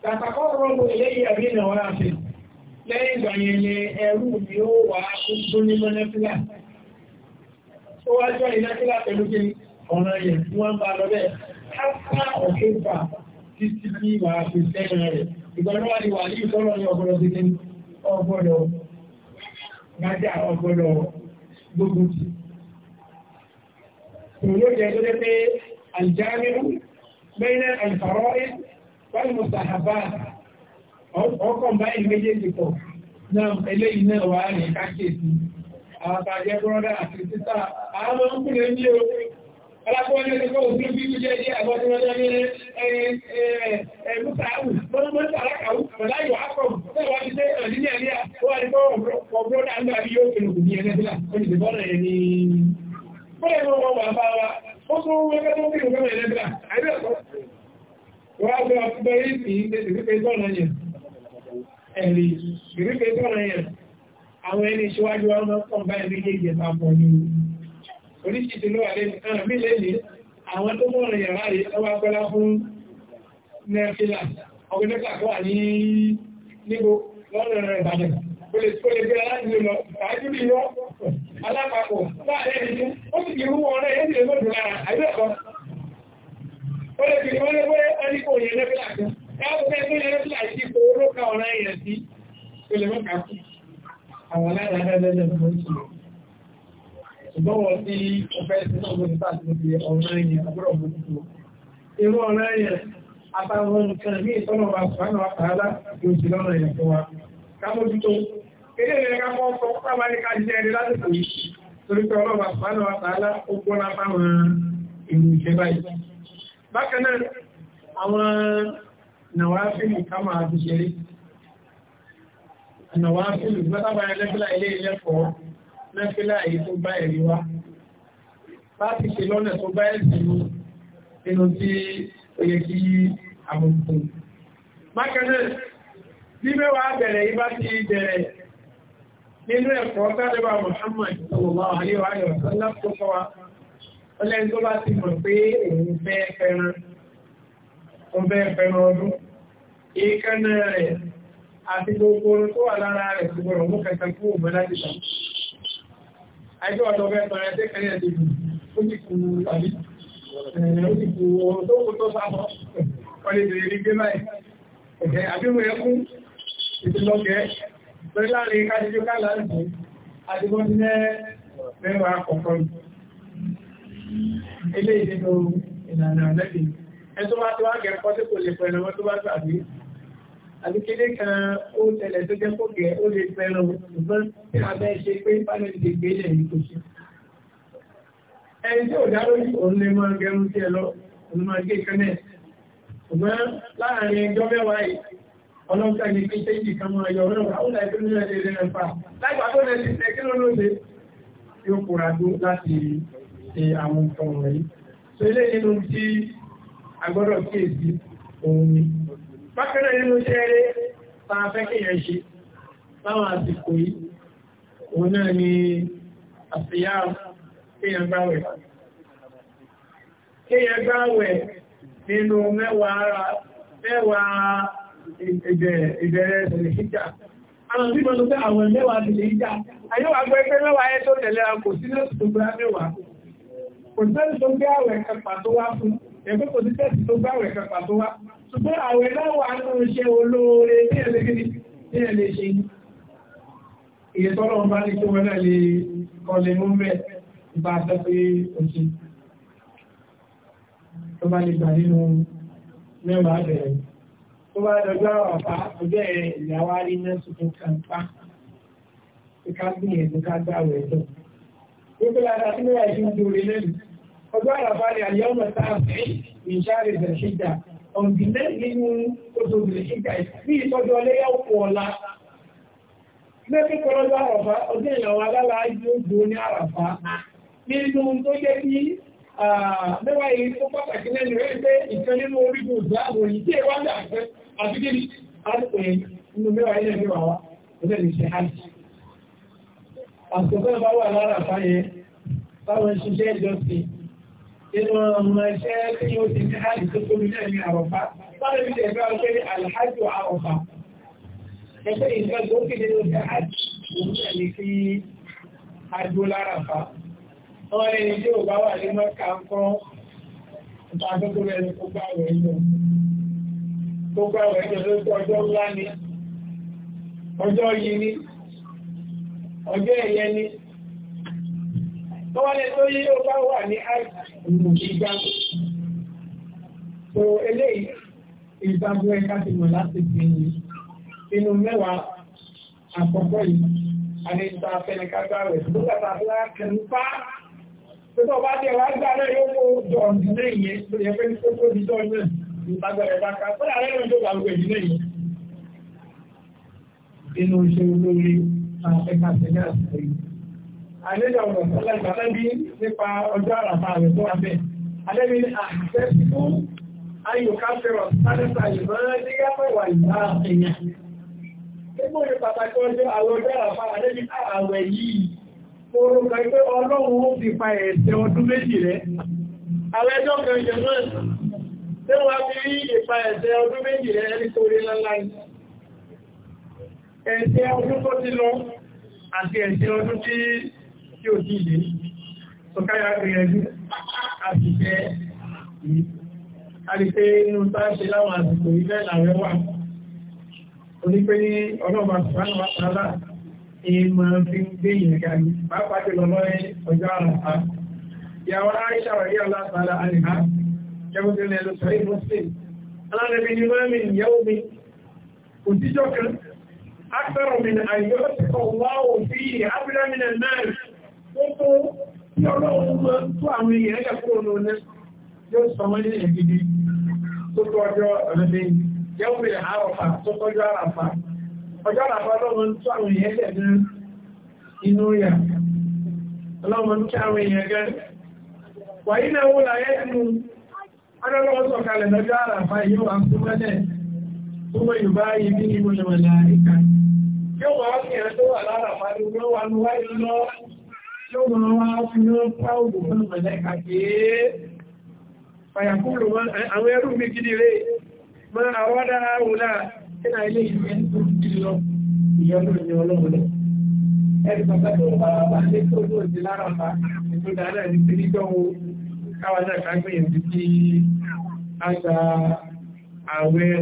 tàtàkọ́ rọ́gbọ̀ ilé ìyàbí lẹ́yìn ìgbà yẹn ni ẹrú ni ó wà tó ní mọ́nẹ́fílà ó wá jọ ìnáfílà pẹ̀lú kí ọ̀ràn yẹn tí wọ́n bá lọ bẹ́ẹ̀ káfá ọ̀kẹ́fà títí bí wà fi sẹ́yìn rẹ̀ ìgbọ́nà wà ní wà ní ìfọ́lọ́ ní ọgbọ́dọ̀ ọkọ̀ báyìí méjèèjì pọ̀ náà eléyìí náà wà ní kákèsí àwọn àjẹ́ bọ́rọ́dá àti títà àwọn ọkùnrin ní o alákọ̀ọ́lẹ́ ẹ̀kọ́ òfin bí ó jẹ́ ilé àwọn tí wọ́n jẹ́ ní ẹ̀ẹ́mùsáàwù mọ́nàmọ́sà alákàwù ọ̀láyọ̀ akọ̀m tẹ́wàá ti tẹ́ ọ̀dínlẹ̀ àríyá ó wà ní kọ́ ọ̀bọ̀rọ̀dá ń gbà bí yóò fèrè kù ní ẹgbẹ́sílà ó ti bọ́ọ̀rọ̀ ẹ̀ ní bọ́ọ̀rẹ̀ wọn wọ́n wà bá wa ó tún wọ́n gẹ́gẹ́ tó fèrè kọ́mọ̀ ẹ̀lẹ́gbẹ́sílà àbẹ́ ọ̀kọ́ ẹ̀rí ìrúfẹ́ tó rẹ̀ yẹn àwọn ẹni ìṣíwájú wọn máa kàn bá ẹni yéèyẹ máa pọ̀ ní oríṣìí ló wà lẹ́nu kan mí lẹ́nu àwọn tó mọ̀ rẹ̀ yàrá rẹ̀ ọwọ́ agbọ́lá fún nẹ́fílà ọgbẹ́dẹ́gbà tó wà ní níbo lọ́nà rẹ̀ ìbàdàn ó lè tó lè gbé aláàbí lọ ìtàájú bí lọ alápapọ̀ láàrin ẹni ó sì kì í wọ́n rẹ̀ yẹn ti lè mọ́ Ẹgbẹ́ tó yẹ sí àìsíkò orókà ọ̀rọ̀ èèyàn sí, tó lè mọ́kà kú. Àwọn aláìrà ẹgbẹ́lẹ́ ló ń sọ. Ṣùgbọ́n wọ́n sí ọ̀fẹ́ sí náà lórí bá ti fi ọ̀rọ̀ èèyàn àbúrò mú kúrò. Irú ọ̀rọ̀ èèyàn àtàwọn nǹkan ní ìtọ́nà wa sùpánà wa tààlà yóò sì lọ́nà èèyàn fún wa. Kámójútó, eré ìrìn ká mọ́ sọ fún àwọn ẹ̀ka jẹ́ ẹni lásìkò yìí. Torí pé nàwáfíìlì ká máa fi ṣeré nàwáfíìlì gbọ́tàbà ẹlẹ́fílà ilé ilẹ́fọ́ lẹ́fílà èyí tó bá ẹ̀rí wá láti ṣe lọ́nà tó bá ẹ̀sìn mú inú tí ó yẹ kí àmójútó bákanáà bí mẹ́wàá bẹ̀rẹ̀ yí bá ti bẹ̀rẹ̀ nínú ẹ̀kọ́ tàbíwà Muhammad sallallahu alaihi wa sallam tó kọ́ wa ọlẹ́ni tó bá ti mọ̀ pé òun fẹ́ fẹ́ràn ọdún ìkànnà rẹ̀ àti gbogbo orun tó wà lára rẹ̀ ti gbọ́rọ̀ mú kẹta fún òmọ láti sàn. Àìjọ́ ọ̀dọ̀ bẹ́ẹ̀ tọrẹ tẹ́ kẹrẹ ẹ̀dẹ̀ bù ó sì kú àbí ó sì kú ohun tó kú tó sábọ̀ wọlé bèèrè rí gbé báyìí. Àbí mo yẹ kú ìtìlọ́gẹ̀ẹ́ lórí láàrin kájíjú kálá ń dùn àti bọ́ sí mẹ́wàá kọ̀ọ̀kan. Ilé ìdínú ìlànà ọ̀lẹ́bí. Ẹ tó bá tó wá gẹ̀ẹ́kọ́ tí kò lè pẹ̀lú ọmọ tó bá tàbí àbí kéde kan ó tẹ̀lẹ̀ tó jẹ́ kó gẹ̀ ó lè pẹ́ lọ ṣùgbọ́n a bẹ́ ṣe pé pálẹ̀lì ti gbé lẹ̀ yìí kò sí. ẹni tí ò dáró yìí òun lè máa gẹrun sí ẹ lọ òun máa gé kan náà ṣùgbọ́n láàárín ẹjọ́ mẹ́wàá yìí ọlọ́pàá ní pé ṣéjì kan máa yọ ọ̀rọ̀ àwọn ìlàjọ́ ní ẹ̀dẹ̀ rẹ̀ fà lágbà tó lẹ́sí ṣe kí ló ló ṣe tí ó kóra dó láti ṣe àwọn nǹkan wọ̀nyí. so ilé nínú tí a gbọ́dọ̀ kíyèsí òun ni bákanáà nínú iṣẹ́ rẹ̀ ta fẹ́ kéèyàn ṣe láwọn àsìkò yìí òun náà ni àṣìyá kéèyàn gbáwẹ̀ kéèyàn gbáwẹ̀ nínú mẹ́wàá ìbẹ̀rẹ̀ ìṣẹ̀lẹ̀ ìjà àwọn àwọn mẹ́wàá mẹ́wàá ẹ́ tó tẹ̀lé sí ṣùgbọ́n àwẹ̀ láwà ní oṣẹ́ olóore ní ẹ̀lẹ́gẹ́dì ní ẹ̀lẹ́ ṣe ìyẹ̀tọ́lọ̀ bá ní kí wọ́n náà lè kọlẹ̀ mú mẹ́ bá sọ pé oṣù tó bá lè gbà nínú mẹ́wàá bẹ̀rẹ̀ tó bá dọjọ́ àwàpá ọjọ́ ni àyẹ̀wò mẹ́ta ìṣàrẹ̀ ìṣẹ̀ṣẹ̀dà ọ̀gbìnlẹ̀ nínú oṣù ìrìnṣíkà ìsí ìtọ́jú ọlẹ́yà ọ̀pọ̀ ọ̀la mẹ́kẹ́kọ̀ọ́ lọ́jọ́ àràfá ọdún ìyàwó alára ìjọ́gbò ní àràfá nínú tó jẹ́ kí mẹ́wàá yìí tó pàtàkì lẹ́nu rẹ̀ pé ìkan nínú orígun ìgbàgbò yìí tí èwà dà fẹ́ àti kí àtìpé nínú mẹ́wàá ilẹ̀ mẹ́wàá wa ọdún ìṣẹ́ hajj àtìkọ́ bá wà lára fáyẹ táwọn ṣiṣẹ́ ìjọsìn nínú ọmọ iṣẹ́ tí ó ti ní hajj tó tóbi náà ní àrọ̀fá sáré bí ẹgbẹ́ ọgbẹ́ ní alhajj àrọ̀fá ẹgbẹ́ ìfẹ́ tó kéde ló ti hajj òun náà ní kí hajj lárafá wọ́n lè tí ò bá wà ní mọ́ka ń kọ́ ọjọ́ ẹ̀yẹ ni tó wá lẹ́ tó yí ó bá wà ní ìgbà tó eléyìí ìgbàgbọ́ ẹ̀ka ti mọ̀ láti gbìyànjú inú mẹ́wàá àkọ́kọ́ yìí àdéhùn afẹ́nìkágbá rẹ̀ tó gbàgbà láàkẹ́ ń pa pípọ̀ bá tẹ̀ wá gbà náà yóò kó jọ ọ̀dún náà yẹn tó yẹ pé tó tó di jọ náà àlejò ọ̀rọ̀ sọ́lá ìgbàlẹ́bí nípa ọjọ́ àràfà rẹ̀ tó abẹ́. Alẹ́bí ni àṣẹ́síkú ayòká fẹ́rọ̀ sálẹ́sà ìmọ̀ràn ní yàtọ̀wà ìgbà èèyàn. Nígbò ní pàtàkì ọjọ́ àwọn ọjọ́ àràfà àlẹ́bí ààwẹ̀ yìí, mo rò kàn pé ọlọ́run ó fi pa ẹ̀ṣẹ̀ ọdún méjì rẹ̀. Alẹ́jọ́ kan jẹ náà, tí wọ́n fi rí ìpa ẹ̀ṣẹ̀ ọdún méjì rẹ̀ ẹni tó rí lálá ẹ̀ṣẹ̀ ọdún tó ti lọ àti ẹ̀ṣẹ̀ ọdún tí tí ò jí ìdè sọkáyà gbìyànjú àti jẹ́ yìí a lè pé inú tá a ṣe láwọn àsìkò ilẹ̀ làwẹ́ wà onípe ní ọlọ́ọ̀bà sùpánù wàtàlá ìmọ̀ fi ń gbé ìrìnkà ní pàápàá jùlọ lọ́rẹ́ ọjọ́ àrùnfà ìyàwó aráyíṣà wàrí ọlọ́ọ̀tàlá àríhá jẹ́wọ́n tẹ́lẹ̀ lọ sọ ìbọn sí ni mọ́mí ti kọ̀ wá òfin àbúrẹ́ náà tó ya ọjọ́ inú ya ọlọ́run tó àwọn èèyàn gẹ́ wàyí láyé sọ̀kalẹ̀ lọ́jọ́ àràfà wà fún mẹ́lẹ̀ tó yìí yóò wà ẹ̀ tó wà lára tí ó mọ̀ wá fi ní pa ògùn fún mọ̀lẹ́ka pé fàyàkúrò àwọn ẹrù mi gidi rẹ̀ mọ́ àwọn dára wùlá nínú ilé ìwé tó gidi lọ ìyọ́nù ní ọlọ́run lọ ẹni bàbá tó bá wà ní tó ló ti lára bá ètò dáadáa ní pé níjọ́wó káwa náà ká gbìyànjú kí a gba àwẹ̀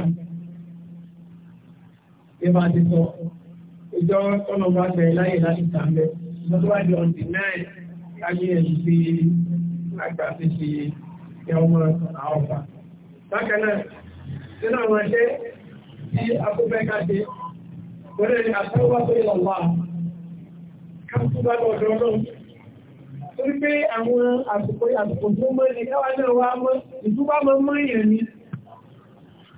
rẹ̀ ìbá ti sọ ìjọ ọlọ́gbà bẹ̀ láyé láti tàbẹ̀ lọ́tọ́wájú ọ̀dì náà káyé ẹ̀sùn sí àgbà ti ṣe ẹ̀wọ̀n àwọn ọ̀fà. Bákan náà, nínú àwọn ẹgbẹ́ tí akúfẹ́ káṣe, wọ́n rẹ̀ àtẹ́wà tó yẹ lọ́wọ́ káàkúbá lọ́dọ̀ náà. Torí pé àwọn àsìkò àsìkò tó mọ́ ni káwá náà wá mọ́ ìtúbá mọ́ mọ́ ìyẹn ni.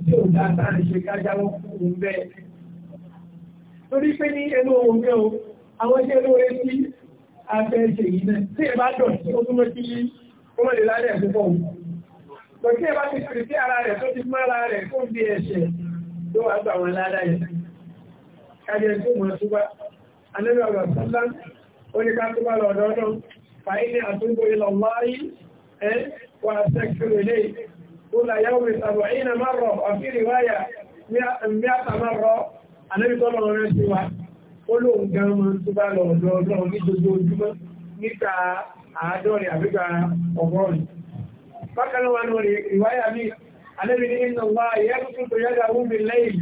tí ò dáadáa lè ṣe kájáwọ́ fún òun bẹ́ẹ̀. Torí pé ní ẹnu ohun bẹ́ẹ̀ o, àwọn iṣẹ́ lóore tí a fẹ́ ṣe yìí náà, tí ẹ bá dọ̀tí ó túnmọ́ sí ọmọdé lálẹ́ púpọ̀ o. Tọ̀tí ẹ bá ti pèrè sí ara rẹ̀ tó ti mọ́ ara rẹ̀ fún bí ẹ̀ṣẹ̀ tó wà gbà wọn ládàá yẹn. Kájẹ́ tó mọ̀ tó bá, anẹ́bẹ̀ ọ̀rọ̀ sọ́lá, ó ní ká tó bá lọ ọ̀dọ́ náà, fàáyé ní àtúgbò ilọ̀ wáyé, ẹ wà sẹ́kìrì lẹ́yìn. كل يوم سبعين مرة وفي رواية مئة مرة النبي صلى الله عليه وسلم olóhun gan mọ́ tó bá lọ ọ̀dọ̀ ọlọ́run ní gbogbo ojúmọ́ níta àádọ́rin àbígbà ọgọ́rin. bákan wọn lọ rí ìwáyà mi alẹ́bí ní iná wá ìyá tuntun tó yára wú mi lẹ́yìn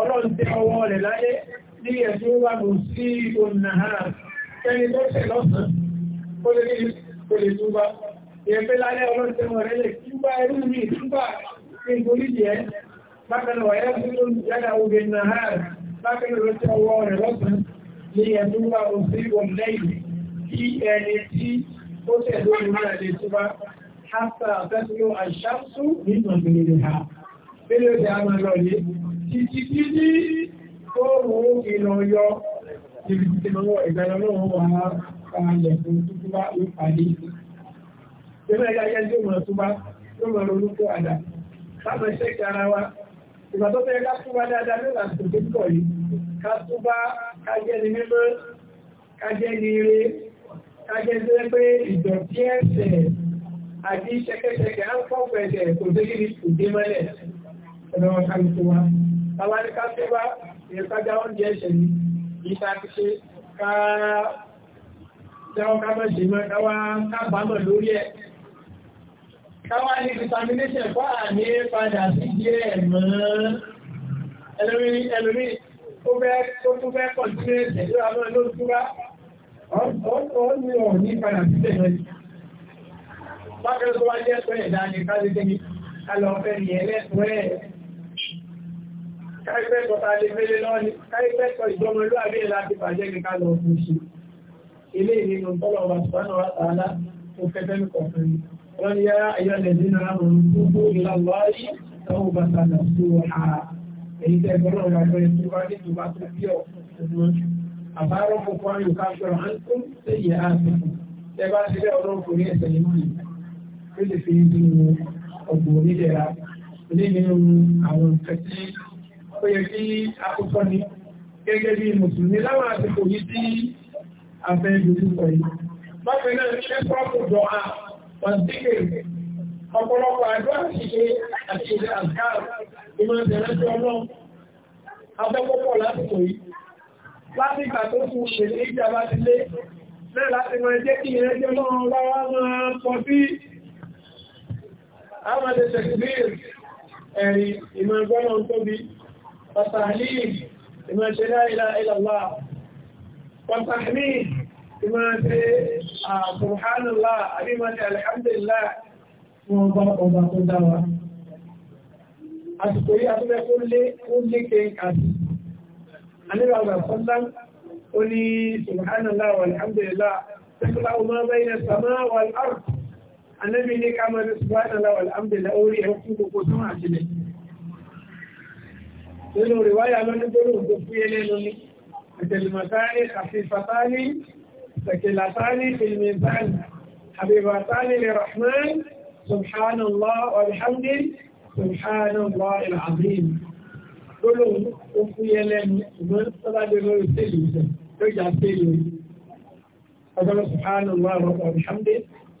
ọlọ́run tẹ ọwọ́ rẹ̀ láyé ní ẹ̀sùn ó wà lọ sí òun náà kẹni tó tẹ̀ lọ́sàn-án ó lè tún bá Èèfẹ́ lálẹ́ ọlọ́sẹ̀wọ̀n rẹ̀ lè túbá ẹrú mi túbá ní ìgbórí jẹ́, bákanà wà yẹ́ fún olùjádà oge náà, bákanà ló tẹ́ ọwọ́ rẹ̀ lọ́sàn ní ẹ̀dúnwà òsìrí wọn lẹ́yìn kí ẹni tí ó tẹ̀lú ìrìnà lè túbá, hásà àtẹ́sílò àṣàṣù nínú ìgbèrè ha. Bélé ó ti a máa lọ yé, títí kí ní oòrùn ìlọ yọ, ìrìnà ẹ̀gbẹ̀rẹ̀ lọ́wọ́ wà á kalẹ̀ fún túbá ìpàdé ìwé ayẹyẹ tí ó mọ̀ tó bá tó mọ̀ ronú tó àdá láti ṣe kí ara wa ìgbà tó fẹ́ ká túbá dáadáa ní lásìkò tó kọ̀ yìí ká túbá kájẹ́ ni mímọ́ kájẹ́ ni ire kájẹ́ tó yẹ pé ìdọ̀tí ẹ̀sẹ̀ àti ṣẹkẹṣẹkẹ á ń kọ́ pẹ̀lẹ̀ kò dé kí ni kò dé mọ́lẹ̀ ẹ̀rọ kálukú wa bàbá ní ká túbá ìrẹ́kájá oúnjẹ ẹ̀ṣẹ̀ ni ìta ti ká jẹ́ ọkà mọ̀ ṣe mọ́ ká wá kábàámọ̀ lórí ẹ̀ káwá ní determination bá ní padà sí díẹ̀ mọ́ ẹlòmíì ẹlòmíì ó fẹ́ ó tún fẹ́ kọ̀tínú ẹ̀sẹ̀ ló àwọn olóòtúrá ó ní ọ̀ ní padà sí díẹ̀ mọ́ bákan tó wá jẹ́ pé ẹ̀dá ni ká lè dé ní alọ́fẹ́ ní ẹlẹ́tọ́ ẹ̀ káìpẹ́ kọta lè mẹ́lẹ́ lọ́ni káìpẹ́ kọ ìjọmọlúwàbí láti bàjẹ́ ní ká lọ fún ṣe ilé ìrìnà tọ́lọ̀ ọba ṣùgbọ́n náà látàlá tó fẹ́ nìkan fún mi wọ́n yá ayọ́lẹ̀dínà olùkúkú ìlàlọ́rí tọ́wọ́ bàtà lọ́sọ́ ha èyí tẹ́ gbọ́nà ìrìnàjò ìtura ní ìtura tó bí ọ̀pọ̀ àbárọ̀ fọ́fọ́ ayò káfíọ̀ àńkú sí ìyá àtìkù tẹ́ bá ti rẹ́ ọ̀rọ̀ òkúrí ẹ̀sẹ̀ yìí mú ó lè fi ń dín ọgbọ̀n onídẹ̀ra nínú àwọn nǹkan tí ó yẹ kí akókò pàṣípèrè ọ̀pọ̀lọpọ̀ àdúrà ṣíṣe àti ìṣe àgbáà ìmọ̀ ìrẹ́jọ́ ọlọ́run abẹ́pọ̀pọ̀ lásìkò yìí láti ìgbà tó fún ìṣẹ̀lẹ̀ ìjọba ti lé lẹ́ láti mọ̀ jẹ́ kí ìrẹ́jọ́ ọlọ́run lọ́wọ́ máa pọ̀ sí àwọn àdẹ̀ṣẹ̀ Ah, subhanallah àbímọ́ni alhamdulillah fún ọba ọba tó dáwà àsìkò yí àtúbẹ́ kó lé kó lé kéńkàtì àníbà ọba sọ́lá ó ní subhanallah alhamdulillah tẹ́kọ̀lá ọmọ bẹ́yìn sàmá wà lárù anábì ní ká mọ́ni subhanallah alhamdulillah orí ẹkùn gbogbo tó wà sílẹ̀ nínú rìwáyà lọ́nà gbọ́rọ̀ ògbò fúyẹ́lẹ́ lónìí لكن الثاني في المثال حبيبتاني للرحمن سبحان الله والحمد سبحان الله العظيم كلهم وفي لهم من صلى الله رجع سيدي فقال سبحان الله والحمد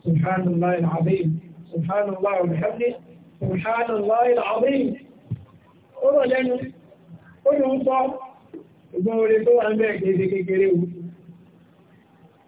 سبحان الله العظيم سبحان الله والحمد سبحان الله العظيم قلوا لهم قلوا صار قلوا لهم صار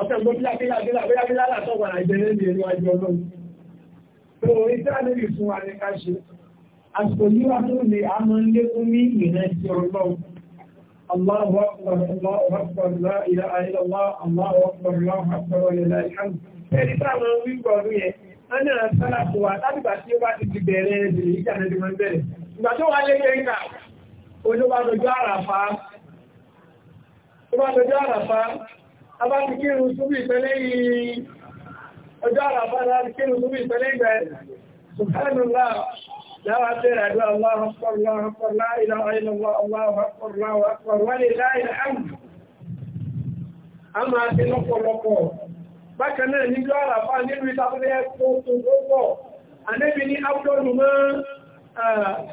ọ̀sẹ̀ gbogbo bílábílábílábílábílá látọ̀wà ìbẹ̀rẹ̀ ní ẹ̀rọ ajé ọlọ́run tó orí tí a lórí fún wa ní káṣe àsìkò yíwá tó lè a mọ́ ń lékún ní ìrìnàjò ọlọ́run Allahu akbar Allahu akbar la ilaha illallah Allahu akbar Allahu akbar wa lillahil hamd ẹni táwọn wíwọ̀ ọdún yẹn a ní àwọn sálàpù wa látìgbà tí ó bá ti di bẹ̀rẹ̀ ẹ̀dẹ̀ ìjà náà ti máa ń bẹ̀rẹ̀ ìgbà tó wà lé lẹ́yìnká olówó àdójú àràfá abáti kírun súnmí ìtẹ́lẹ́ yìí ọjọ́ àràbára kírun súnmí ìtẹ́lẹ́ ìgbẹ̀ ṣùgbọ́nùlá láwá tẹ́rẹ̀ àdúrà Allahu Akbar Allahu Akbar la ilaha illallah Allahu Akbar Allahu Akbar wa lillahil hamd a máa ti lọ́pọ̀lọpọ̀ bákan náà níjọ́ àràbá nínú ìtàkùnlẹ̀ ẹ̀kọ́ tó gbọ́ Ànábì ní abdul ah,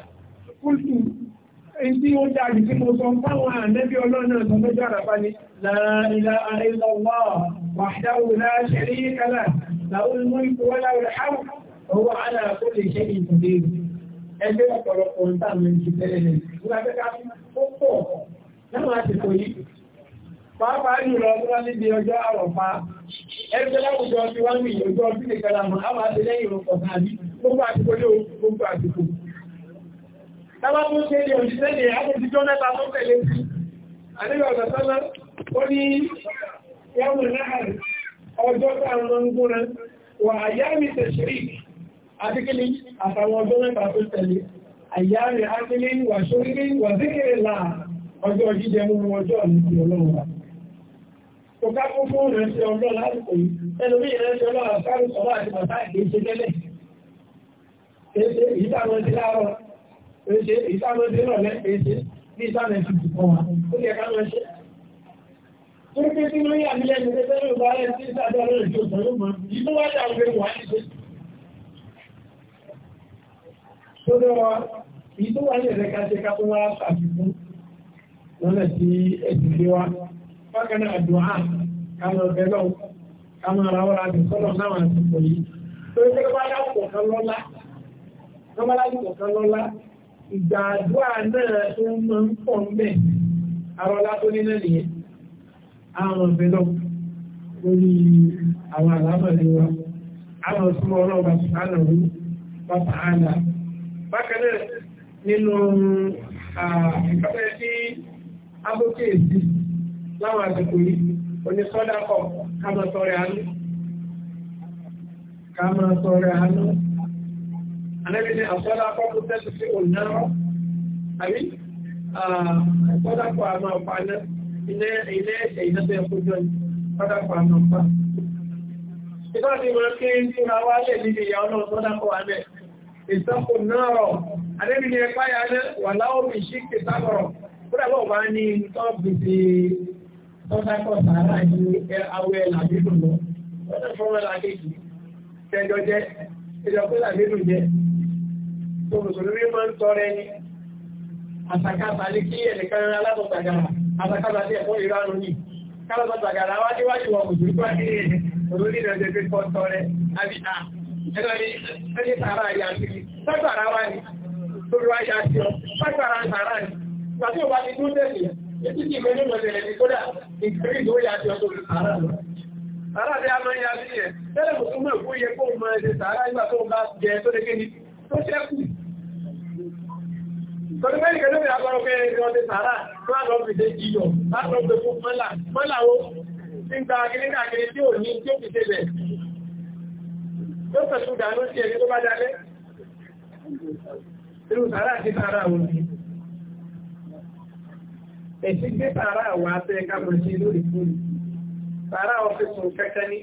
tí ó dájú tí mo sọ fáwọn ànẹ́bí ọlọ́nà tó mẹ́jọ́ àràbá ni láàrínlá àìlọ́wọ́ wàdáwò láṣẹ̀rí kálà láwọn mú ipò wọ́n láwọn ẹ̀háwọ̀ owó aláàkó lè ṣe ìpòdé ẹgbẹ́ ọ̀pọ̀lọpọ̀ ti wá níbi ọjọ́ ọdún nìkan làmọ́ àwọn àtìlẹ́yìn rọ̀pọ̀ tàbí gbogbo àsìkò yóò gbogbo àsìkò Tábá tó ṣe lè òṣìṣẹ́ lè àtẹ́jíjọ́ mẹ́ta tó tẹ̀lé sí. Àníbẹ̀ ọ̀dọ̀ sọ́lá, ó ní yàmù náà ọjọ́ tààrà ń gúnra wà àyàmì tẹ̀ṣírí àtíkìlì àtàwọn ọjọ́ mẹ́ta tó tẹ̀lé. Àyàmì ákìlì wà ṣórílì wà zíkìrì láà ọjọ́ jíjẹ mú ọjọ́ àti Èṣe ìsámọ́sí rọ̀lẹ́ èṣe bí ìsámẹ́ ti dùkọ́ wa. Ó yẹ ká máa ṣe. Torí pé tí wọ́n yà nílẹ̀ ní pẹ́pẹ́ yóò bá rẹ̀ sí ìsàdọ̀ rẹ̀ tó sọ yóò mọ̀. Yìí tó wá dà ń gbé wà ní ṣe. Tó dé wa, yìí tó wà ní ẹ̀rẹ́ ká ṣe ká tó wá ṣàfikún bá yà ìgbà àdúrà náà tó máa ń pọ̀ mẹ́ àwọn tó ní náà nìyẹn àwọn ọ̀fẹ́ lórí àwọn àlámọ̀lẹ́ wa àwọn ọ̀sùn ọlọ́run bá sùn ánà rú bàbá nínú ìkọ́fẹ́ sí abókèèsí láwọn àsìkò yìí kọ̀ Ànábì ní àsọ́dá akọ́kọ́ tẹ́sí sí ònàrọ̀, àbí àsọ́dá kọ́ àmà ọ̀pá náà, ilé ẹ̀ṣẹ̀ ìdẹ́sẹ̀ ẹ̀kọ́jọ́ ni, sọ́dá kọ́ àmà ọ̀pá. Ìtọ́ ni wọ́n kí ń túnra wá lè níbi ìyá ọlọ́run sọ́dá kọ́ àmẹ́. Ìtọ́kù náà rọ̀, Ànábì ní ẹ̀pá yà ní wà láwọ́ mi ṣí kì sábọ̀rọ̀, kódà bọ̀ bá ní tọ́ bìtì sọ́dá kọ́ sàárà ní awẹ́ làbídùn lọ. Sọ́dá kọ́ wẹ́ làbídùn jẹ́ tó mùsùlùmí máa ń tọrẹ ní àsàkásà ní kí ẹnìkan alátọ̀tàgàrà àsàkásà sí ẹ̀fọ́ ìránu ní kálọ̀tọ̀tàgàrà wá níwájú wọn mùsùlùmí wá ní olórí ìrẹsẹ̀ pé kọ́ tọrẹ àbí à ẹ̀rọ ní ẹni sàárà yà sí i sọ́gbàrà wá ní lórí wá yà sí ọ sọ́gbàrà sàárà ní pàtó ìwà ti dún tẹ̀lé ètí kì í mẹ́lẹ́ mọ̀tẹ̀lẹ̀ ní kódà ìgbérí ìdó yà sí ọ tó fi sàárà lọ sàárà tí a máa ń yà sí ẹ̀ tẹ́lẹ̀ mùsùlùmí òkú yẹ kó mọ ẹsẹ̀ sàárà nígbà tó ń bá jẹ tó lé kéde tó ṣẹ́kù Torí mẹ́rin kẹ́lẹ́ mi àgbọ̀rọ̀ pé ọdẹ sàárà tó àgbọ̀ fi dé jìyọ̀ látọ̀ pé fún mọ́là mọ́là ó ti ń gba akiri káàkiri tí ò ní tí ó fi ṣe bẹ̀. Yóò fẹ̀sùn dànù sí ẹni tó bá dalẹ̀. Irú sàárà ti sàárà ò ní. Èsì gbé sàárà wà tẹ káàkiri sí lórí fún mi. Sàárà ọ̀fíìsùn kẹ́kẹ́ ní.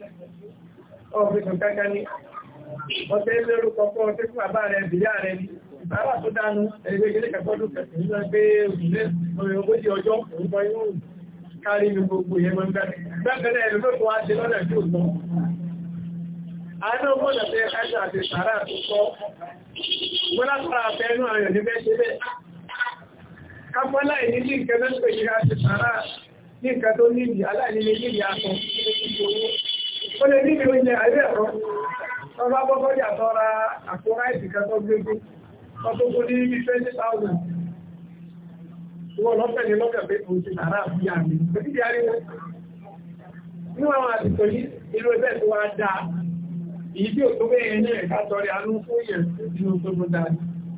Ọ̀fíìsùn kẹ́kẹ́ orúkọ fún ọtí fún rẹ̀ bìyà rẹ̀ ní. Bàbá tó dánú, ẹgbẹ́ ilé kẹfọ́dún kẹfẹ́ nígbà pé òṣìṣẹ́ ọmọ ogójì ọjọ́ òǹkọ inú kárí ní gbogbo ìyẹn mọ́ nígbà. Gbẹ́gbẹ́lẹ́ ẹ̀rọ tó wá ṣe lọ́nà tí ò lọ. Àádọ́ gbọ́dọ̀ fẹ́ kájà àti sàárà tó kọ́. Gbọ́dá sọ́ra fẹ́ inú àyàn ní bẹ́ẹ̀ ṣe bẹ́ẹ̀. Kápọ́lá ìní ní nǹkan tó pè yíra ti sàárà ní nǹkan tó níbi aláìní ní níbi aṣọ ó lè níbi oúnjẹ ọdún ní ibi 20,000 wọ́n lọ́pẹ̀ ní lọ́pẹ̀ pé òun ti tààrà àbúyà mi pẹ̀lú ìdí ariwo ní àwọn àsìkò yìí inú ẹgbẹ́ tó wá dáa èyí tí ò tó bẹ́ẹ̀ ní ẹ̀ka tọrẹ àánú fún yẹn nínú tó tó dáa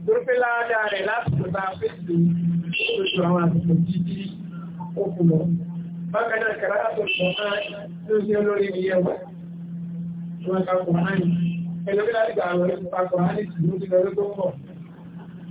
torí pé láàdáa rẹ̀ lásìkò tá a fèsì lóṣù àwọn àsìkò títí ó kù lọ bákan náà kẹrẹ àtòkò náà ló ń ṣe lórí iye wa wọn kà kò hàn ẹlòmíràn gbà àwọn ẹ̀kọ́ kò hàn ní ti lọ lóko pọ̀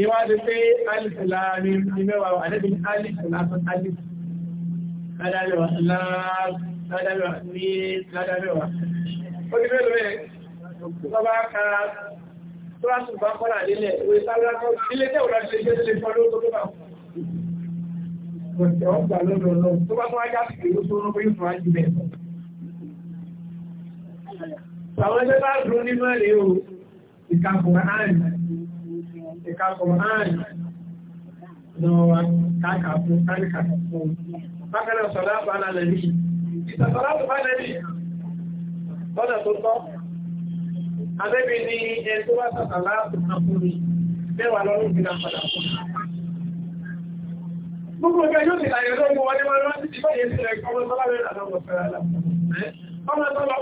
ìwádìí pé alìsìláàrí ìmẹ́wà àdẹ́bí alìsìláàrí alìsìláàrí ládàbẹ̀wà ní ládàbẹ̀wà. Ó ti mẹ́lú ẹ̀ tó bá ká tó bá tún bá kọ́lá nílẹ̀ ìwé sálákọ́ ilé tẹ́ òlá ṣe jẹ́ sílé fọ́lú tó bá kọ̀tẹ̀ ọgbà lọ́dọ̀ lọ tó bá tún wájá sí ìlú tó rọ́ pé ìfún ájú bẹ̀. Àwọn ẹgbẹ́ bá dùn ní mẹ́rin o, ìkàkùn àárín ìka kọ̀mọ̀hánì lọ́wọ́ káàkà fún káàkà fún bákanáà sọ̀rọ̀ àbáná lẹ́bí ìsọ̀rọ̀ àbáná lẹ́bí lọ́dọ̀ tó tọ́ abẹ́bí ní ẹni tó bá sọ̀rọ̀ àbáná fún mi mẹ́wàá lọ́rùn ìgbìnà padà fún Gbogbo ọjọ́ yóò ti láyé lọ́wọ́ wọlé wọn lọ́wọ́ títí báyé sílẹ̀ ọmọ tọ́lá rẹ̀ àdáwọ̀ fẹ́ra lápọ̀. Ọmọ tọ́lọ́,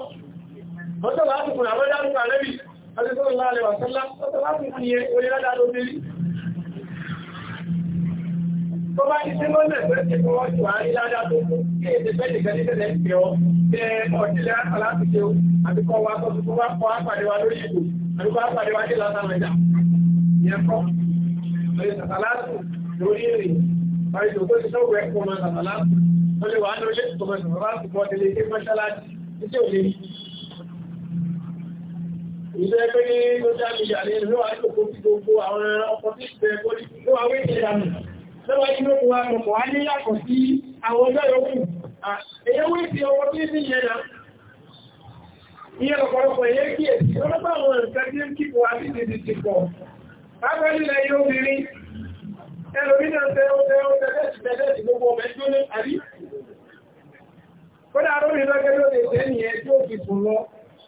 ọjọ́ láti kùnà lọ́jọ́ àrùn àrẹ́bì Tó bá ti tí mọ́ lẹ̀fẹ́ tí kò wọ́n jù á ní ládá tó kú, kí èdè fẹ́ nìkan ní tẹ́lẹ̀ ìpẹ́ ọ, jẹ́ ọ̀tílẹ̀ àtàláti jẹ́ o, àbíkọ́ wa tó tó bá kọ́ àpàdé wa lórí ìbò, àbíkọ́ àpàdé wa dé látàmẹ́jà. Ìyẹn kọ́, lórí tàtàlátù, lórí èrè, àìsàn tó ti sọ́wọ́ ẹ̀kọ́ mọ́ tàtàlátù, ó lè wà á lórí ètò mọ́ tàtàlátù ìṣẹ́ pé ní social media ní ìlú àìsòkó sí gbogbo àwọn ọkọ̀ tí ìṣẹ́ pọ́lì ló wà wé ìdàmù lọ́wọ́ inú wa mọ̀kọ̀ wá ní yàtọ̀ sí àwọn ọjọ́ yòókù èyẹ́wé ti ọkọ̀ tí ní yẹn náà iye ọ̀pọ̀lọpọ̀ èyẹ́ kí èsì ọlọ́pàá àwọn nǹkan tí ń kíkọ àti ìdìdì ti pọ̀ lábẹ́ nílẹ̀ yìí obìnrin ẹlòmínà tẹ́ ó tẹ́ ó tẹ́lẹ̀ sí tẹ́lẹ̀ sí gbogbo ọmọ ẹjọ́ ní àrí kódà arọ́rin lọ́gẹ́ lóde tẹ́ nìyẹn tó fi sùn lọ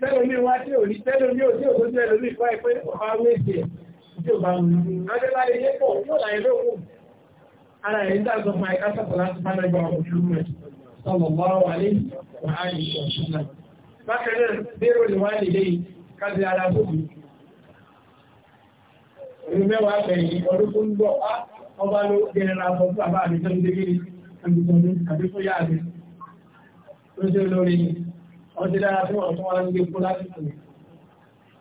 tẹ́lómi wá tí ò ní tẹ́lómi ò tí ò tó jẹ́ lórí ìfọ́ ẹ̀pẹ́ ọ̀pá wéèdè tí ò pọ̀ yóò láyé lókun. Ara ẹ̀ ń dàgbọ́ máa ká láti ara ọdún tó ń bọ̀ á ah, ọba ló gẹ̀rẹ́ra fún àbá àbíjọ́ ń dé wọ́n ti dára fún ọ̀tún wọn gbé fún lásìkò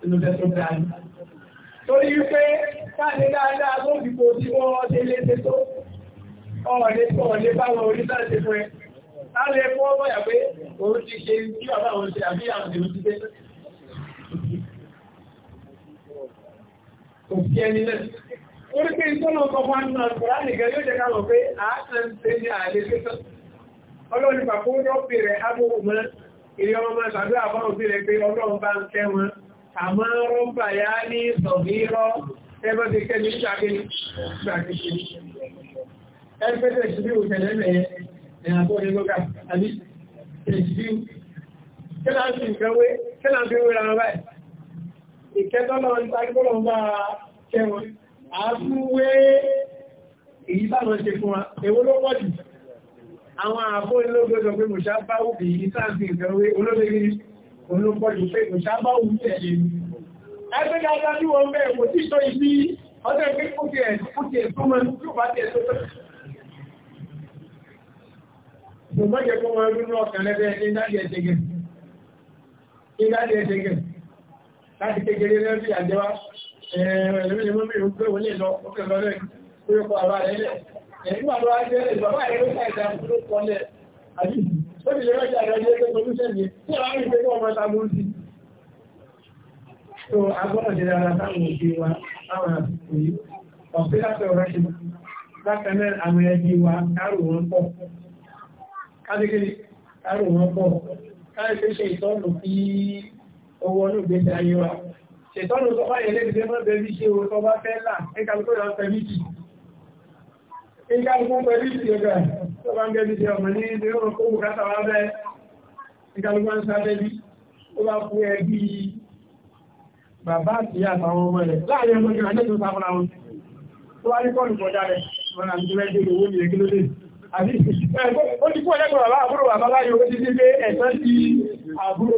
inú tẹ́tọ́ dání. torí wípé káàdé dáadáa tó dìbò tí wọ́n ṣe lé ṣe tó ọ̀rẹ́ tó ọ̀rẹ́ báwọn oníṣẹ́ ṣe fún ẹ. láàrin ẹ̀kọ́ ọmọ yà pé òun ti ṣe tí bàbá òun ṣe àbí àwọn ìlú ti dé. kò sí ẹni náà. orí pé ìtọ́nà ọkọ̀ fún àdúrà kọ̀rá nìkan yóò jẹ́ káwọn pé àásán ṣe ní àlejò tán. ọlọ́run pàpọ̀ ó ilé ọmọ máa ṣàdúrà bá òbí rẹ̀ pé ọlọ́run bá ń kẹ́ wọn àmọ́ rọ́mbà yá ní sọ̀mírọ́ ẹgbẹ́ ti kẹ́ ní ṣàkíní ṣàkíní ẹgbẹ́ tẹ̀síbí òṣèlẹ́ mẹ́yẹ ìrìnàbọ̀ ní lọ́gà àbí tẹ̀síbí kẹ́láńtì ìkẹwé kẹ́láńtì ìwé ra báyìí ìkẹ́tọ́lọ́ ìtàgbọ́lọ́ bá kẹ́ wọn àbúwé èyí bá lọ ṣe fún àwọn àbó olóògbọ́dọ̀ pé mùsábáwù bí i sáàfin ìgbẹ̀wé olóògbé olóòpọ̀jù pé mùsábáwù tẹ̀lé ní ẹgbẹ́ dáadáa tí wọ́n bẹ̀rẹ̀ kò títọ́ ibi ọdẹ́ pé kókè ẹ̀ tó mọ́ tí ó bá tẹ̀ tó tọ́ mo mọ́jẹ̀ kó wọn rú ọkàn lẹ́bẹ̀ ìdájẹ́ ẹ̀tẹ̀gẹ̀ Ẹ̀yìn máa lọ́wọ́ jẹ́ ìgbàmá ẹ̀rọ ìta ìdàmúró kọlẹ̀. Àbí, ó ti lè rọ́jà àjọ ilé ẹgbẹ́ solúṣẹ́ yìí, tí àwọn ìgbẹ́ tó ọmọ ẹta lórí sí. So, agbọ́nà jẹ́ dára táwọn òbí wa, àwọn àbùkù yìí, ọ̀pẹ́ láti ọ̀rọ̀ ṣe. Bákan náà, àwọn ẹbí wa, kárò wọn pọ̀. Kádékèrè, kárò wọn pọ̀. Káyọ̀ ṣe ìtọ́nù kí owó ọdún gbèsè ayé wa ìgbà gbogbo pẹ̀lú ìṣẹ́gbà tó bá ń gẹ́bí jẹ́ ọmọ ní ilé ọ̀rọ̀ kó bùkátà wá bẹ́ ìgbà gbogbo ń sáré bí ó bá kú ẹbí bàbá àti àtàwọn ọmọ rẹ̀ láàrin ọmọ ìgbà tó sáfúnra wọn tó wá ní kọ́ọ̀lù kọjá rẹ̀ wọn àti tó lẹ́gbẹ̀ẹ́ owó ní ẹgbẹ́ lóde àbí ó ti kú ẹ̀lẹ́gbẹ̀ bàbá àbúrò bàbá láyé ó ti sí pé ẹ̀sán ti àbúrò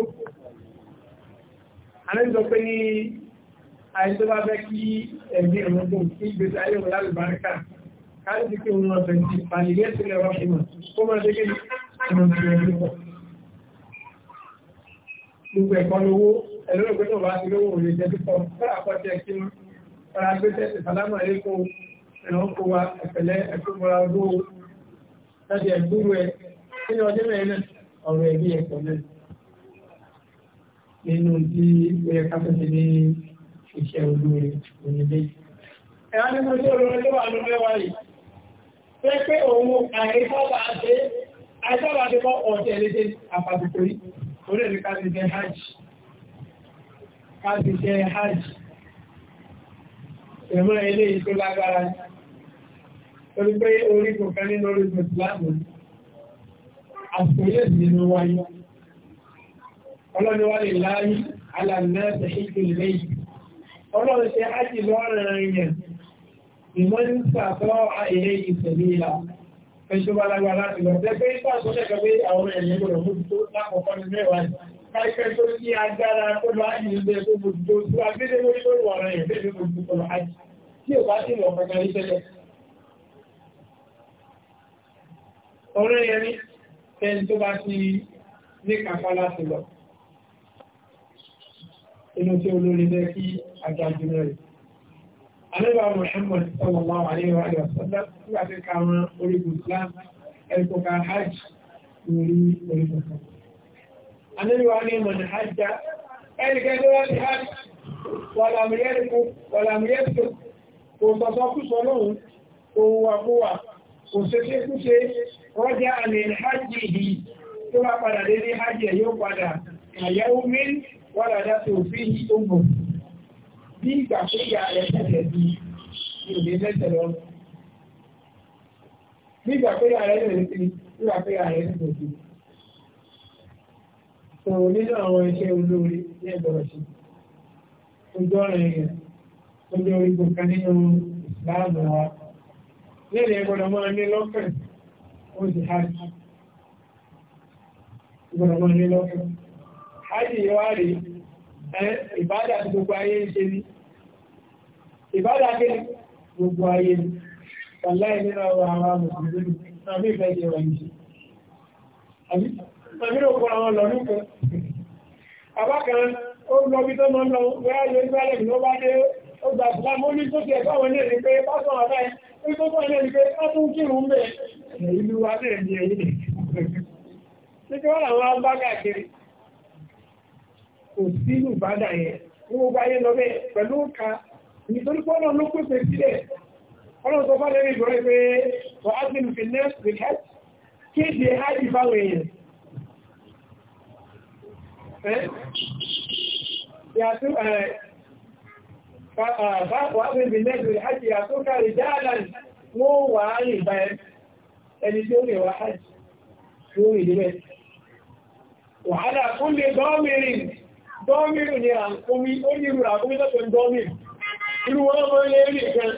àlejò pé ní àìsọ́ bá fẹ́ kí ẹ̀mí ẹ̀mọ́gbọ̀n kí ìgbésí ayé wọn lálùbáríkà káàkiri kí wọ́n lọ́bẹ̀ ti pàlìyẹ́ sílẹ̀ rọ́ṣìmọ̀ kó máa dégé ìrìn tí ó lọ́pọ̀. Gbogbo ẹ̀kọ́ lówó, ẹ̀rọ ìgbé náà bá ti lówó òye jẹ́ pípọ̀, fẹ́rẹ̀ àpọ́tí ẹ̀kí mú, fẹ́rẹ̀ agbésẹ̀ ti sàlámà lékò ẹ̀rọ kó wa ẹ̀fẹ̀lẹ́ ẹ̀kúnmọ́ra ọdún láti ẹ̀gbúrú ẹ̀ kí ni ọdún mẹ́rin náà ọ̀rọ̀ ẹ̀bí ẹ̀kọ́ náà. Nínú tí ó yẹ ká fẹ́ ní iṣẹ́ olóore òyìnbí. Ẹ̀rọ ni mo ṣe olóore tó wà lórí ẹwà yìí pé òun àìsọ́bà àti àìsọ́bà àti kọ́ ọ̀tẹ̀ léde àpàtìkòrí orí ẹ̀rí káàkiri jẹ́ hajj káàkiri jẹ́ hajj ẹ̀mọ́ ilé ìtò lágbára torí pé orí kò kẹ́ nínú orí mùsùlùmí àsìkò yẹ́ sí inú wáyé ọlọ́ni wà láyé alàmì náà tẹ̀síkì lẹ́yìn ọlọ́run ṣe hajj lọ́rọ̀ rẹ̀ ìmọ́n sàtọ́ àìlé ìsẹ̀lẹ̀ ìlà ẹṣọ́bá lágbàlá ìgbọ̀tẹ́ pé ìpàṣọ́lẹ̀ kan pé àwọn ẹ̀yẹ́ gbọ́dọ̀ mójútó lákọ̀ọ́kọ́ ní mẹ́wàá káìkẹ́ tó ní agbára tó bá ìlúgbẹ́ tó mójútó tó agbẹ́dẹ́ lórí lórí ọ̀rọ̀ ẹ̀yẹ́ tó mójútó lọ ájì tí ò bá sí lọ kankan ní tẹ́lẹ̀ ọ̀rọ̀ ẹ̀yẹ́ ní ẹni tó bá ti ní kàfá láti lọ inú tí olórin bẹ́ kí àjàjù rẹ̀ Àlébà Mùsùlùmí sallallahu alaihi wa sallam nígbà tí ká wọn orígun Islam, ẹ̀kọ́ ká hajj lórí orígun kan. Àlébà ní mọ̀nà hajjá, ẹnìkẹ́ tó wọ́n ti hajj, wà lámìyẹ́rìkú, wà lámìyẹ́rìkú, kò sọ̀sọ́ kú sọ lóhun, kò wà kó wà, kò ṣe ṣe bí ìgbà tó yà rẹ̀ tẹ̀lẹ̀ bí ìròyìn lẹ́sẹ̀ lọ. Bí ìgbà tó yà rẹ̀ tẹ̀lẹ̀ sí ìgbà tó yà rẹ̀ tẹ̀lẹ̀ sí. Sọ nínú àwọn iṣẹ́ olóore ní ẹ̀gbọ́n ṣe. Ojú ọ̀rọ̀ yẹn, ojú orí kò kan nínú ìsìláàmù wa. Lẹ́yìn ẹgbọ́dọ̀ máa ní lọ́kàn, ó sì hájú. Ìgbọ́dọ̀ máa ní lọ́kàn. Hájú yóò ìbádà tí gbogbo ayé ń ṣe ní ìbádà kí gbogbo ayé ní pàláì nínú àwọn àwọn mùsùlùmí tàbí ìfẹ́ jẹ wà ní ṣe àbí òkú àwọn lọ nìkan abákan ó lọ bí tó máa ń lọ wẹ́yà yóò gbálẹ̀ ló bá dé ó gbà sílá mú ní sókè ẹ̀kọ́ àwọn ilé pé pásán àbá ẹ̀ ní tó kọ́ ilé pé wọ́n tún kírun ń ìlú wa náà ní ẹ̀yìn nìkan. Nítorí àwọn abá káàkiri kò sí ìbádà yẹn ní gbogbo ayé lọ bẹ́ẹ̀ pẹ̀lú ka nítorí pọ́nà ló pèsè sílẹ̀ ọlọ́run tó bá lẹ́rí ìgbọ́rẹ́ pé wà á ti lùfẹ́ nẹ́ẹ̀sì rẹ̀ hẹ́t kéde áìdì báwọn èèyàn yàtú wà á ti lùfẹ́ nẹ́ẹ̀sì rẹ̀ hẹ́t yàtú kárí dáadáa wọ́n wà á rìn bá ẹni tí ó lè wà hajj tó rìn lẹ́ wàhálà kúnlẹ̀ gọ́ọ̀mìnrin dọ́mìrì ni ràǹkómi ó ní irú ràǹkómi tó ń dọ́mìrì irú wọn mọ́ ilé rí ìkan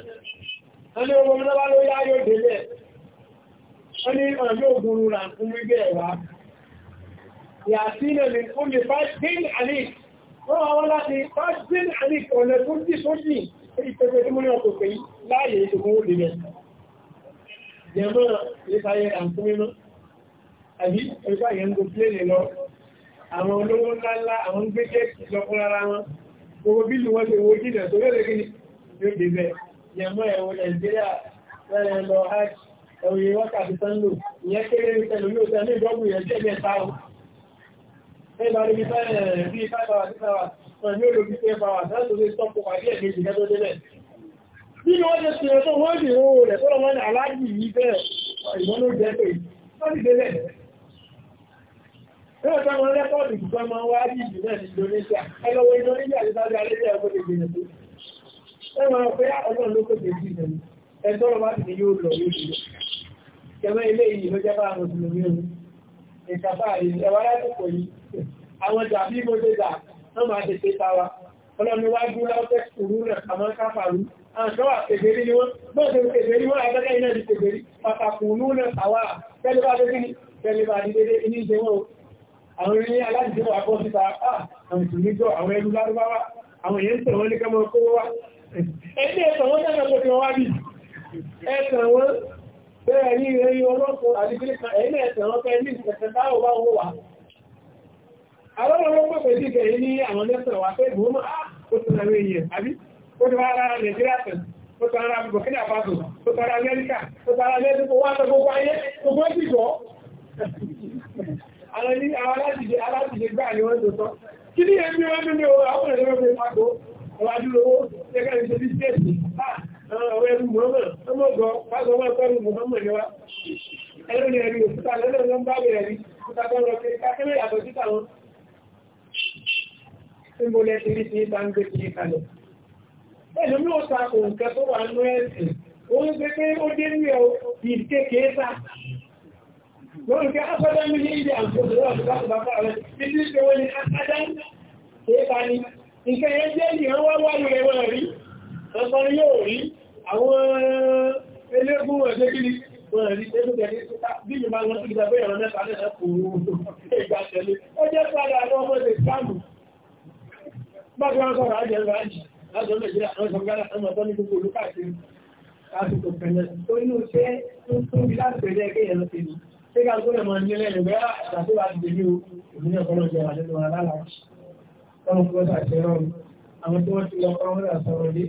ẹni ogun náà bá ló yá yóò délẹ̀ ó ní ọjọ́ ogun ràǹkómi bẹ́ẹ̀ wá yàtínà ní ó lè fásitìn àníkì wọ́n wá wọ́n láti fásitìn àníkì ọ̀nà tó dì tó dì ìpẹ̀pẹ̀ tó múlẹ̀ ọkọ̀ pé láàyè ètò mú lè mẹ́ jẹ́mọ́ ìfàyẹ̀ ràǹkómi náà àbí ẹgbà yẹn ń go pléèlè lọ àwọn olówó ńláńlá àwọn ń gbé jẹ́kì lọ́kún rárá wọn gbogbo bílù wọn ṣe wo jìnà tó lè lẹ́gbẹ̀ẹ́ yóò dé bẹ́ẹ̀ yàmọ́ ẹ̀wọ̀n nàìjíríà lẹ́yìn lọ hajj ẹ̀wòye wákàtí sánlò ìyẹn kéré ìtẹ̀lú yóò tẹ́ ní ìdọ́gbù yẹn jẹ́ mẹ́ta o ẹ̀ bá rí bí five hours six hours ọ̀nà yóò lò bí ten hours láti lè sọ́pọ̀ pàdé ẹ̀mejì kẹ́tọ́ délẹ̀ nínú ọjọ́ tí ó tó wọ́n dì ó rẹ̀ tó lọ́mọ́ ní Ẹgbẹ́ ọ̀tọ́ wọn rẹ́kọ́ọ̀dù ìgbà máa wá yìí náà ní Indonesia. Ẹlọ́wọ́ Indonesia ti sáré alẹ́lẹ́ ẹ̀kọ́ lè gbìyànjú tó. Ẹ máa rọ pé ah, ọlọ́run ló kò tẹ̀sí ìdẹ̀mí. Ẹ̀tọ́ ọba ti ní yóò lọ yóò lọ. Kẹ̀mẹ́ ilé yìí ló jẹ́ bá àwọn ilé aláìsíwọ̀ àkọ́ síta ah, àwọn ìsìnlẹ́jọ́ àwọn ẹlú lárúbáwá àwọn èyàn tẹ̀ wọ́n ní kẹ́mọ́ kówó wá ẹgbẹ́ ẹ̀sàn wọ́n dára tó fi wá bí ẹ̀sàn wọ́n bẹ́ẹ̀ ní ilé ọlọ́pọ̀ àdìgbélé kan àwọn ilé àwọn alájìṣe alájìṣe gbà ní wọ́n tó tọ́ kí ní ẹbí wọn ní ní ọwọ́ àwọn ẹ̀rọ fi pàtó ọwọ́ adúlọ owó gẹ́gẹ́ ní ṣe bí ṣẹ́ẹ̀sì àwọn ẹrù mọ́mọ́ ọmọgọ́ pàtó wọn kọ́rù mọ́mọ́ ni wa ẹrù ni ẹrù òkúta lọ́nà ló ń bá bẹ̀rẹ̀ rí òkúta tó rọ pé kákẹ́rẹ́ yàtọ̀ síta wọn. níbo lẹ ti rí ti bá ń gbé kiri kalẹ̀. ẹnu mi ò ta òǹkẹ́ tó wà nú ẹ̀sìn òun gbé pé ó dé ní ẹ̀ Lórí pé afẹ́dá ní ní ilé àti òṣèré ọ̀dọ́ láti bàbá rẹ̀, títí ṣe wọ́n ni afẹ́dá ṣe é bá ní. Nǹkan yẹn jẹ́ ìyàn wá wá lórí wọn rí, ọ̀sán ni yóò rí, àwọn eh, elégún ẹ̀ṣẹ́ kí ni wọ́n rí ẹgbẹ́ bí mi máa lọ sí ìgbàgbé ìrọ̀ mẹ́ta lẹ́sẹ̀ kò ìgbà tẹ̀lé. Ó jẹ́ padà àwọn ọmọ ilẹ̀ ìsáàmù. Bákan wọn sọ̀rọ̀ àjẹ́ ìrọ̀ájì láti ọmọ ìjìlá àwọn ìṣọ̀gbà ọmọ ọ̀tọ́ ní gbogbo olúkàṣe lásìkò pẹ̀lẹ́. Ó inú iṣẹ́ tó tóbi Ṣéka tó lè máa ní ẹlẹ́rìn bẹ́ àtàtí wà ti dèbí òmìnir ọ̀pọ̀lọ̀ jẹ́ àjẹ́lú alára. Ọlọ́run kọ́ sàṣẹ rọrùn. Àwọn tí wọ́n ti lọ ọmọ náà sọ̀rọ̀ dé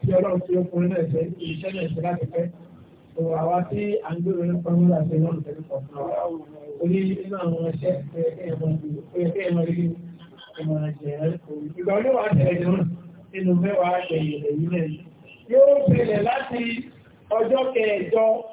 tí ọlọ́run tí ó kún náà ṣe iṣẹ́ náà ṣe láti pẹ́. Àwa tí à ń gbèrò nípa ọmọ náà ṣe lọ́rùn tẹ̀lé kọ̀ọ̀kan. Ó ní inú àwọn iṣẹ́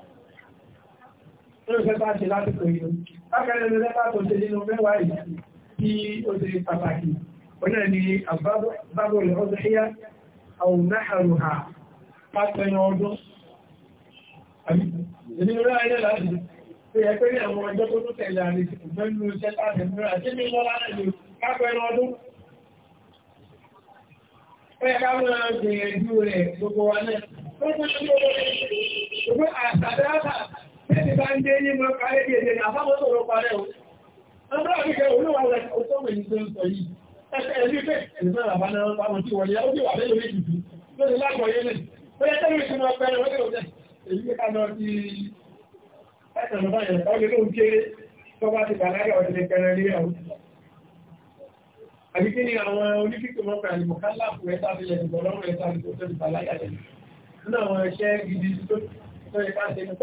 olóòfẹ́ bá ṣe lásìkò yìí bákẹ́rẹ́ ló lẹ́bàá tó ṣe nínú mẹ́wàá yìí tí ó ṣe pàtàkì ọ̀nà ni àbábọ̀ ìrọ́sẹ̀yà àwọn náhàrù ha pàtẹ́yàn ọdún ìdínú rẹ̀ ayé láti ṣe yẹ pé ní àwọn ọjọ́ tó tó tẹ̀lé àrí ìgbẹ́lú iṣẹ́ láti mú àti ní lọ́lá ẹ̀lú pàtẹ́yàn ọdún ó yẹ ká mọ́ gbìyànjú rẹ̀ Ẹni bá ń dé ní mọ́ kàrẹ́ bí èdè ní àfáwọ́ tó rọ parẹ́ o. Ọjọ́ àríkẹ́ olúwa rẹ̀ ọjọ́ ìrìn tó ń sọ yìí. Ẹgbẹ́ ẹ̀rí pé ìgbẹ́ àbáná ọmọ tí wọ́n yá ó dì wà lẹ́lẹ́ méjì jù. Lórí lágbọ̀ọ́yé lẹ̀. Ó yẹ tẹ́lẹ̀ ìṣúná ọpẹrẹ wọ́n tẹ́lẹ̀ ọjọ́. Èyí ká lọ sí ẹ̀sẹ̀ lọ́bàá yẹn. Ọjọ́ ló ń kéré tó bá ti bàlágà ọ̀sẹ̀ lè pẹ̀rẹ̀ rí àwọn. Àbí kí ni àwọn oníkíkò mọ́ pẹ̀lú mọ̀kálà fún ẹ̀ta fi lẹ̀ Fàláyẹ̀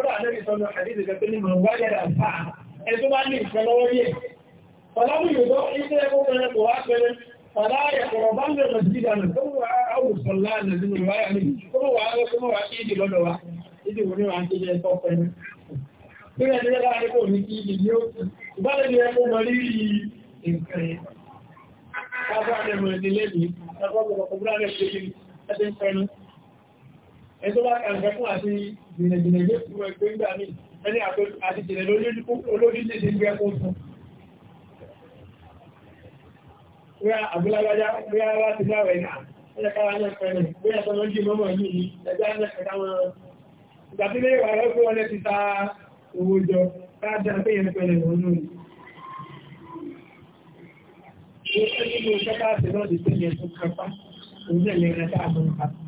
kọ̀rọ̀ bá ń lè rọ̀ sí ìdánà tó wà áwùsọ̀ láàrin ìlú ìwáyà ní kó wà á lọ́kọ́ wà kí ìdí lọ́dọ̀ wa, ìdí wò ní wà ń tó jẹ́ ẹ̀kọ́ pẹ̀lú. Tí rẹ̀ ní lẹ́gbàá ní kò ní kí ìdí ní ó, ìbálẹ̀ ní ẹkùn mọ̀ rí ìkẹrẹ. Ká ẹni tó bá kàǹkẹ́ fún àti jìnàjìnà yóò fún ẹgbẹ́ ńgbà mí ẹni àti jìnà olórílẹ̀-èdè gbé ẹkùn fún ríà àgbélágbájá ríà láti láwẹ̀ náà ẹjẹ́ kára ní ẹ̀pẹ̀rẹ̀ bí ẹ̀sọ́ ló jí mọ́mọ̀ yìí ẹjẹ́ ní ẹ̀kẹ́ta wọn ìgbàtílé ìwà rẹ̀ fún ọlẹ́ ti ta owó jọ káàdà pé yẹn pẹ̀lẹ̀ wọn lórí ó ṣe nínú ìṣẹ́ká àti náà ti tẹ́lẹ̀ tó kápá òun náà lè rẹ̀ káàmù kápá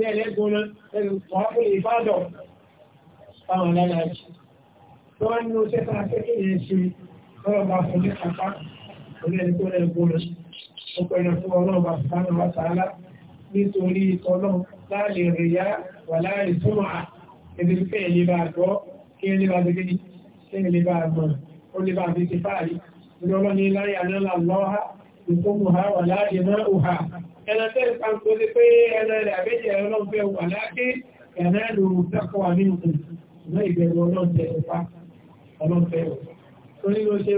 ní ẹlẹ́gbọ́nà ẹnu ọ̀hápẹ́ ìbádọ̀ táwọn lálàájì tó wá nínú sẹ́ta kékeré ṣe lọ́rọ̀bà fún ní àpá orílẹ̀ tó lẹ́gbọ́nà ó pẹ̀lú fún ọlọ́ọ̀bà fún wa ta'ala nítorí ìtọ́lọ́ láàrin rìyá wà láàrin túnmọ̀ à ebi fífẹ́ ìlé bá gbọ́ kí ẹni bá gbé ní kí ẹni bá gbọ́ ó lè bá fi ti fáàrí ní láyé àná ẹ̀nà tẹ́lẹ̀ kan tó lé pé ẹ̀nà rẹ̀ àbẹ́jì ẹ̀rọ náà fẹ́ wà láàké ẹ̀nà ẹ̀lò tẹ́kọ̀ọ́ nínú ṣùgbọ́n ìbẹ̀rù ọlọ́ọ̀tẹ̀ ọ̀pá ọlọ́ọ̀fẹ́ ọ̀pá tó nínú ṣe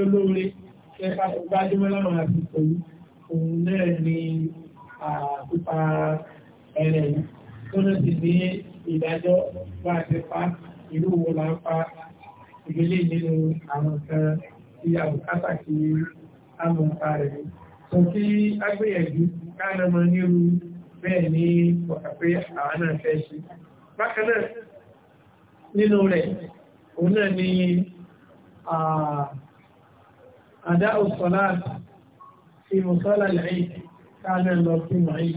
ni àpípa ẹ̀rẹ̀ yìí tó náà sì pa ìlú wo là ń pa ìgbélé nínú àwọn kan tí a bùkátà kí á mọ̀ nípa rẹ̀ tó kí á gbìyànjú káàdà máa nírú bẹ́ẹ̀ ní ọ̀pẹ́ àwọn náà fẹ́ ṣe bákan náà nínú rẹ̀ òun náà ni àdá òsọ̀lá fi mọ̀sọ́lá lẹ́yìn káàdà lọ sí mọ̀ọ́yì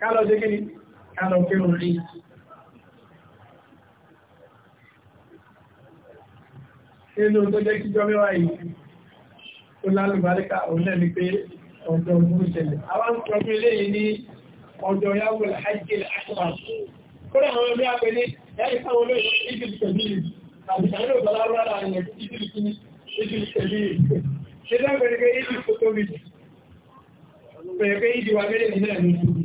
kálọ̀ jẹ́ kí ni kálọ̀ kí lọ rí nínú tó jẹ́ kíjọ mẹ́wàá yìí tó lálùbáríkà òlẹ́ ni pé ọjọ́ ọdún ìṣẹ̀lẹ̀. Àwọn ọmọ ilé yìí ní ọjọ́ yàwó àìjẹ́ àṣà. Kọ́lá àwọn ọmọ ìyàpẹ́ ní ẹ̀rí fáwọn olóòrùn ìjìnlẹ̀ tẹ̀lé àti àwọn olóòrùn aláwọ̀ àrẹ̀ ìjìnlẹ̀ tẹ̀lé. Ṣé dágbẹ̀ ní pé ìjìnlẹ̀ tó tóbi jù? Bẹ̀rẹ̀ pé ìjìnlẹ̀ wà mẹ́lẹ̀ nínú ẹ̀mí tóbi.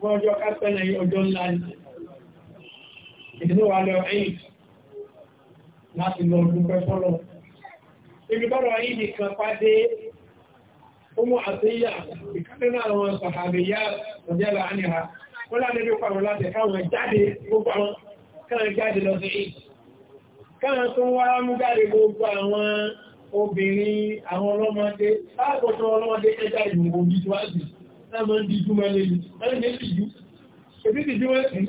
Wọ́n ọjọ́ kápẹ́lẹ̀ ọjọ́ ńlá ni. Ìdínú wa lọ ẹ̀yìn láti lọ ọdún ibi tọ́rọ yìí nìkan pàdé ọmọ àtẹ́yà ìkàtẹ́nà àwọn sàhàbìyà ọjọ́lá àníhà wọ́n lánàbí pàrọ̀ láti káwọn jáde gbogbo àwọn káwọn jáde lọ sí ì káwọn tó wá mú jáde gbogbo àwọn obìnrin àwọn ọlọ́mọdé láàkótó ọlọ́mọdé ẹjá ìgbòho gíjúwájú náà mọ́ ń díjú mẹ́lẹ́ ní ẹni ní ìjú èbí ti jú wọ́n sí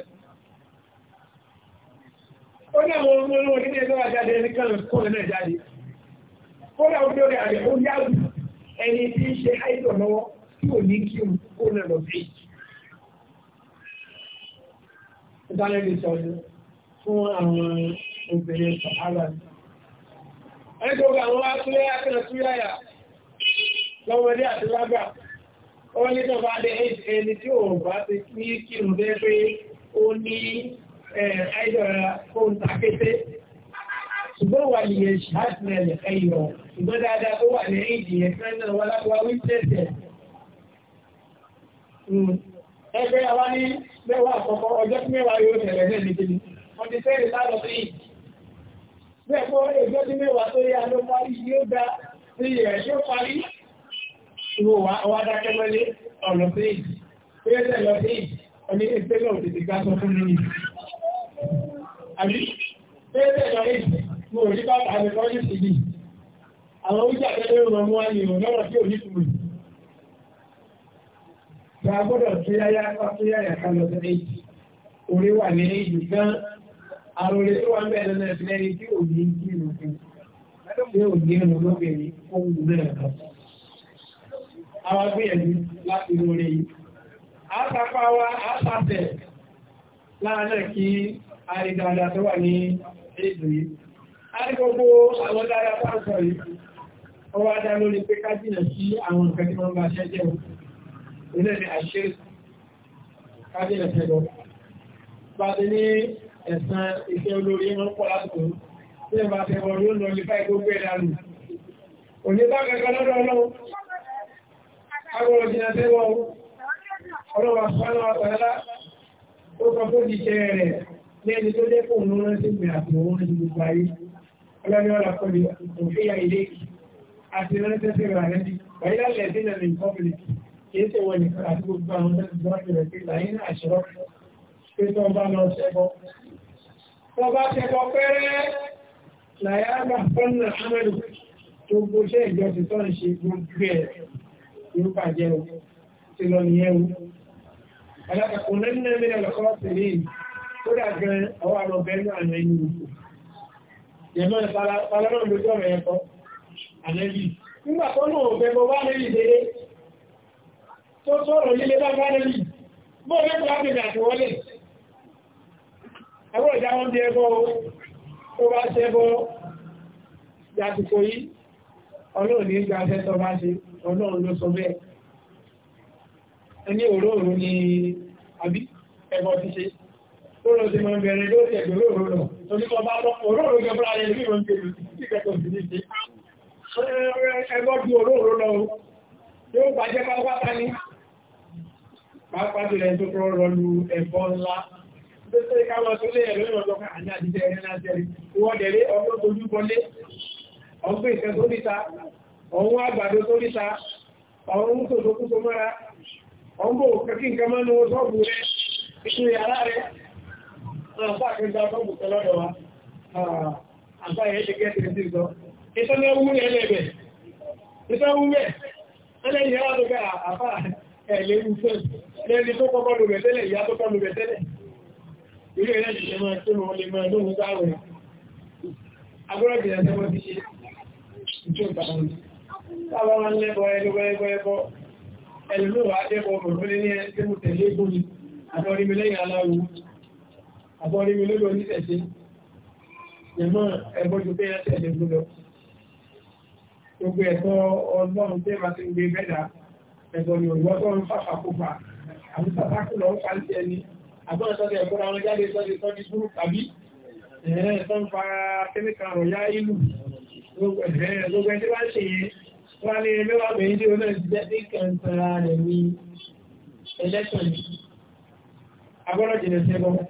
ó ní àwọn ọmọ olówó nílé ẹgbẹ́ wà jáde ẹni jáde O ó lórí àrẹ ó yáàbù ẹni tí ń ṣe àìsàn lọ́wọ́ tí ò ní kí òun lè lọ sí. ìdánilẹ́bí sọ̀rọ̀ fún àwọn obìnrin sàhálà. ẹni tó gba àwọn atúlẹ̀ akẹ́lẹ̀ túyáyà lọ́wọ́dé àti lágbà ó ní tó bá dé ẹni tí ò bá ti ní kí o ṣùgbọ́n wà lè yẹn ṣáàtìmẹ̀ lè fẹ́ yọ ṣùgbọ́n dáadáa tó wà lẹ́yìn ìdíyẹ fẹ́ náà wọ́n lápá wí tẹ̀sẹ̀. Hmm. ẹgbẹ́ àwa ní mẹ́wàá àkọ́kọ́ ọjọ́ tí mẹ́wàá yóò tẹ̀lẹ̀ náà nìkan ni wọ́n ti fẹ́rẹ̀ lálọ́ sí yìí. bẹ́ẹ̀ kọ́ ẹjọ́ tí mẹ́wàá tó yá ló parí yóò dá sí ẹ̀ yóò parí. ìwò wa ọwọ́ mọ́lé ọ̀nà sí yìí. ó yẹ sí yìí ọ̀nà mo rí bá àmì kan ní sí yìí àwọn oúnjẹ àtẹ́lẹ́ ìrọ̀ mú àyè ìrọ̀ lọ́rọ̀ tí ò ní kùrù gba gbọ́dọ̀ tó yáyá tó yáyà ká lọ sí èyí orí wà ní èyí gan àròlé tó wà ń bẹ̀rẹ̀ náà ti lẹ́yìn tí ò ní kí ìrù fún tí ò ní ìrù lóbìnrin ohun náà lọ àwọn gbìyànjú láti lórí yìí àtàpá wa Àrígbogbo àwọn dára pàṣọ yìí, ọwọ́ adá lórí pé ká jìnà sí àwọn nǹkan tí wọ́n bá ṣẹ́ jẹ́ ilẹ̀ ni àṣẹ kájìnà ṣẹlọ. Bá ti ní ẹ̀sán iṣẹ́ olórí wọn pọ̀ látò tí ẹ bá fẹ́ wọ́n ló lọ lè báyìí gbogbo ẹ̀dánù. E Òní bá kẹ́kọ́ lọ́dọ̀ ọlọ́run, agbọ̀rọ̀ jìnà sẹ́wọ̀n ọlọ́wà sọ́nà ọ̀tọ̀lá ó sọ fún ìṣẹ́ rẹ̀ ní ẹni tó dẹ́kùn lọ́rẹ́ sí ìgbẹ̀ àti òun ní gbogbo ayé ọlọ́ni ọ̀la kọ́lì òfíà ilé àti ránṣẹ́ sí ra rẹ̀ ní ọ̀yá lẹ́sìn náà ní pọ́bìlìkì kìí ṣe wọ nìkan àti gbogbo àwọn tó ti gbọ́ ìrẹ̀ pé láyé ní àṣírọ́ pé tó bá lọ ṣẹbọ. tó bá ṣẹbọ pẹ́rẹ́ láyé àgbà fọ́nà amẹ́lù tó gbó ṣe ìjọ ti tọ́ ń ṣe gbogbo ẹ̀ yóò bàjẹ́ o ti lọ nìyẹn o. alákàkùn náà nínú ẹ̀mí lọ́kọ́ sílẹ̀ kódà gan-an àwọn àlọ́bẹ̀ẹ́nu àná ẹni ìlú Yẹ̀mọ́ ìpàlọ́rọ̀ lójú ọ̀rọ̀ ẹ̀kọ́, àlẹ́bí. Nígbà tó náà bẹ̀bọ̀ wá lẹ́yìn dédé, tó sọ̀rọ̀ líle bá bá lẹ́yìn, mọ́ lẹ́kọ̀ọ́ lábẹ̀bẹ̀ àti wọlé. Ẹwọ́ ìjà wọn bí ẹbọ ó bá ṣẹbọ yàtùkò yìí, ọlọ́run ní ìgbà fẹ́ sọ bá ṣe, ọlọ́run ló sọ bẹ́ẹ̀. Ẹni òróòrò ni àbí ẹbọ ti ṣe. Bọ́lọ̀ ti máa bẹ̀rẹ̀ ló tẹ̀ gbẹ̀rẹ̀ òróró. Oníkọ̀ bá lọ́pọ̀ òróró jẹ́ bọ́lá ẹni bí wọ́n ń tẹ̀lú sí kẹ́kọ̀ọ́ sí ní ṣe. Ẹgbọ́ ju òróró lọ. Yóò bàjẹ́ pátápátá ní. Pàápàá ti rẹ̀ tó kọ́ rọlu ẹ̀bọ́ ńlá. Bẹ́sẹ̀ káwọn tó lé ẹ̀rọ ìrọ̀lọ́ àti àdíjẹ ẹ̀rẹ́ náà jẹ́rìí. Ìwọ́dẹ̀rẹ́ ọgbọ́n tójú bọlé. Ọgbẹ́ ìfẹ́ tó níta. Ọ̀hún àgbàdo tó níta. Ọ̀hún tòṣokú tó mọ́ra. Ọ̀hún bò kẹ́kí nǹkan mọ́nu sọ́ọ̀bù rẹ̀. Ìṣú yàrá rẹ̀. Ah, Ẹlẹ́yìn ẹwà tó gbá àfá ẹ̀lẹ́ ìfẹ́ lẹ́ni tó kọ́kọ́ lò rẹ̀ tẹ́lẹ̀ ìyá tó kọ́ lò rẹ̀ tẹ́lẹ̀. Ilé ẹ̀lẹ́ ìṣẹ́ máa tó mọ́ lè máa lóhun sáàrùn. Agbọ́rọ̀dì ẹ̀ṣẹ́ mọ́ ti ṣe ìjọ́ ìpàdánù. Sáwọn wọn lẹ́bọ̀ ẹgbẹ́ ẹgbẹ́ ẹgbọ́ ẹlùmọ́ wà á jẹ́bọ̀ ọmọ àbọ́rí mi lọ́dọ̀ oníṣẹ̀ṣe ìmọ̀ ẹgbọ́jú pé ẹ̀ṣẹ̀ lè gbọ́dọ̀ gbogbo ẹ̀tọ́ ọlọ́run tẹ́ bá ti ń gbé bẹ́dà ẹ̀gbọ́n ni òwúrọ̀ tó ń fàfàkópa àbí sàtàkù lọ pa sí ẹni àbọ́n sọ́dẹ̀ ẹ̀kọ́ra wọn jáde sọ́dẹ̀ sọ́dẹ̀ burú tàbí ẹ̀rẹ́ tó ń fa kẹ́míkà rọ̀ yá ìlú gbogbo ẹ̀ tí wọ́n ṣe yẹn wọ́n ní mẹ́wàá bẹ̀yìn tí ó náà ti jẹ́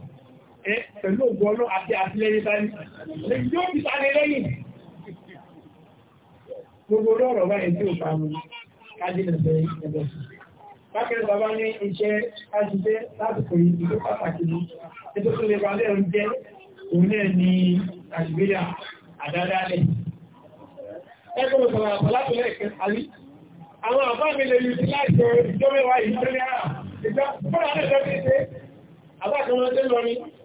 Eh, pẹ̀lú ògbọ́ ọlọ́ àti àtìlẹ́yìn báyìí yóò fi sáré lẹ́yìn gbogbo lọ́rọ̀ báyìí tí ó bá mú kájínà bẹ̀rẹ̀ ẹgbẹ́ sí bákẹ́rẹ́ bàbá ní iṣẹ́ ajíṣẹ́ láti pè ìlú pàtàkì ní ẹjọ́ tó lè wà lẹ́ ń jẹ́ òun náà ní àgbéyà àdádálẹ̀ ẹgbẹ́ sọ̀rọ̀ àpàlátọ̀lẹ́ ìkẹtàlí àwọn àbá mi lè yìí láti ọ̀rọ̀ ìjọ́mẹ́wàá ìjọ́mẹ́wàá ìjọ́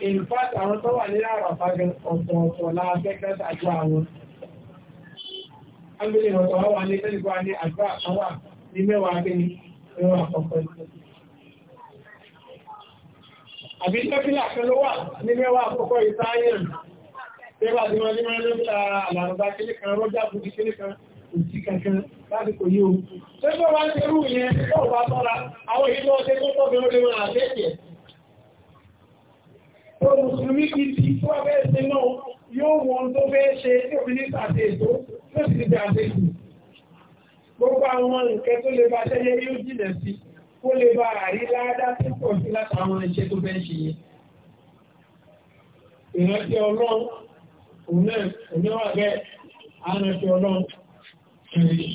in fact àwọn tó wà ní àràfàgẹ ọ̀tọ̀ọ̀tọ̀ láàfẹ́kẹ́ àjọ àwọn agbèlè ọ̀tọ̀ wà ní tẹ́lẹ̀kọ́ ní àjọ àwà ní mẹ́wàá agbẹ́ni ẹwà àkọ́kọ́ àbí tẹ́fílà kan ló wà ní mẹ́wàá àkọ́kọ́ ìsáyẹ̀n tẹ́bà tí wọ́n ní mẹ́rin lọ́pìlà àlàrùbá kílé kan rọ́jà bùkí kílé kan òtí kankan láti kò yí o tẹ́fẹ́ wá ń tẹ́rù yẹn tó bá tọ́ra àwọn ìlú ọ̀tẹ́ tó tọ́ tó mùsùlùmí kì í ti tó abẹ́ ẹ̀sìn náà yóò wọn tó fẹ́ ṣe tí òfin ní pàṣẹ ètò tó sì ti àṣẹ ètò gbogbo àwọn nǹkan tó lè bá ṣẹ́yẹ yóò jìnà sí kó lè bá àrí ládá tó pọ̀ sí látàwọn iṣẹ́ tó fẹ́ ṣe yẹn ìrántí ọlọ́run òmíwà bẹ́ẹ̀ àrántí ọlọ́run ìrìn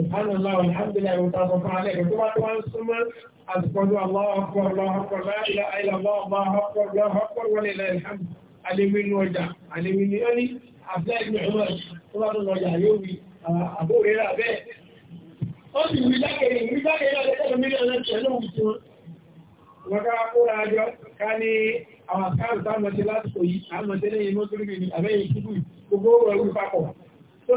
ìfánàlá alhamdulillah ìwọ̀n tàbí ọkọ̀ alẹ́ أشهد الله أكبر الله أكبر لا إله إلا الله الله أكبر الله أكبر ولله الحمد علمين وجع علمين يعني عبدالله بن عمر طبعا وجع يومي أبو ريلا به ọdún ìwé dákẹ̀rẹ̀ ìwé dákẹ̀rẹ̀ ọ̀lẹ́kẹ̀rẹ̀ mílíọ̀nù ẹ̀kẹ́ lóhun tí wọ́n ká kóra àjọ ká ní àwọn àkáǹtà àmọ́tí láti kò yí àmọ́tí lẹ́yìn mọ́tò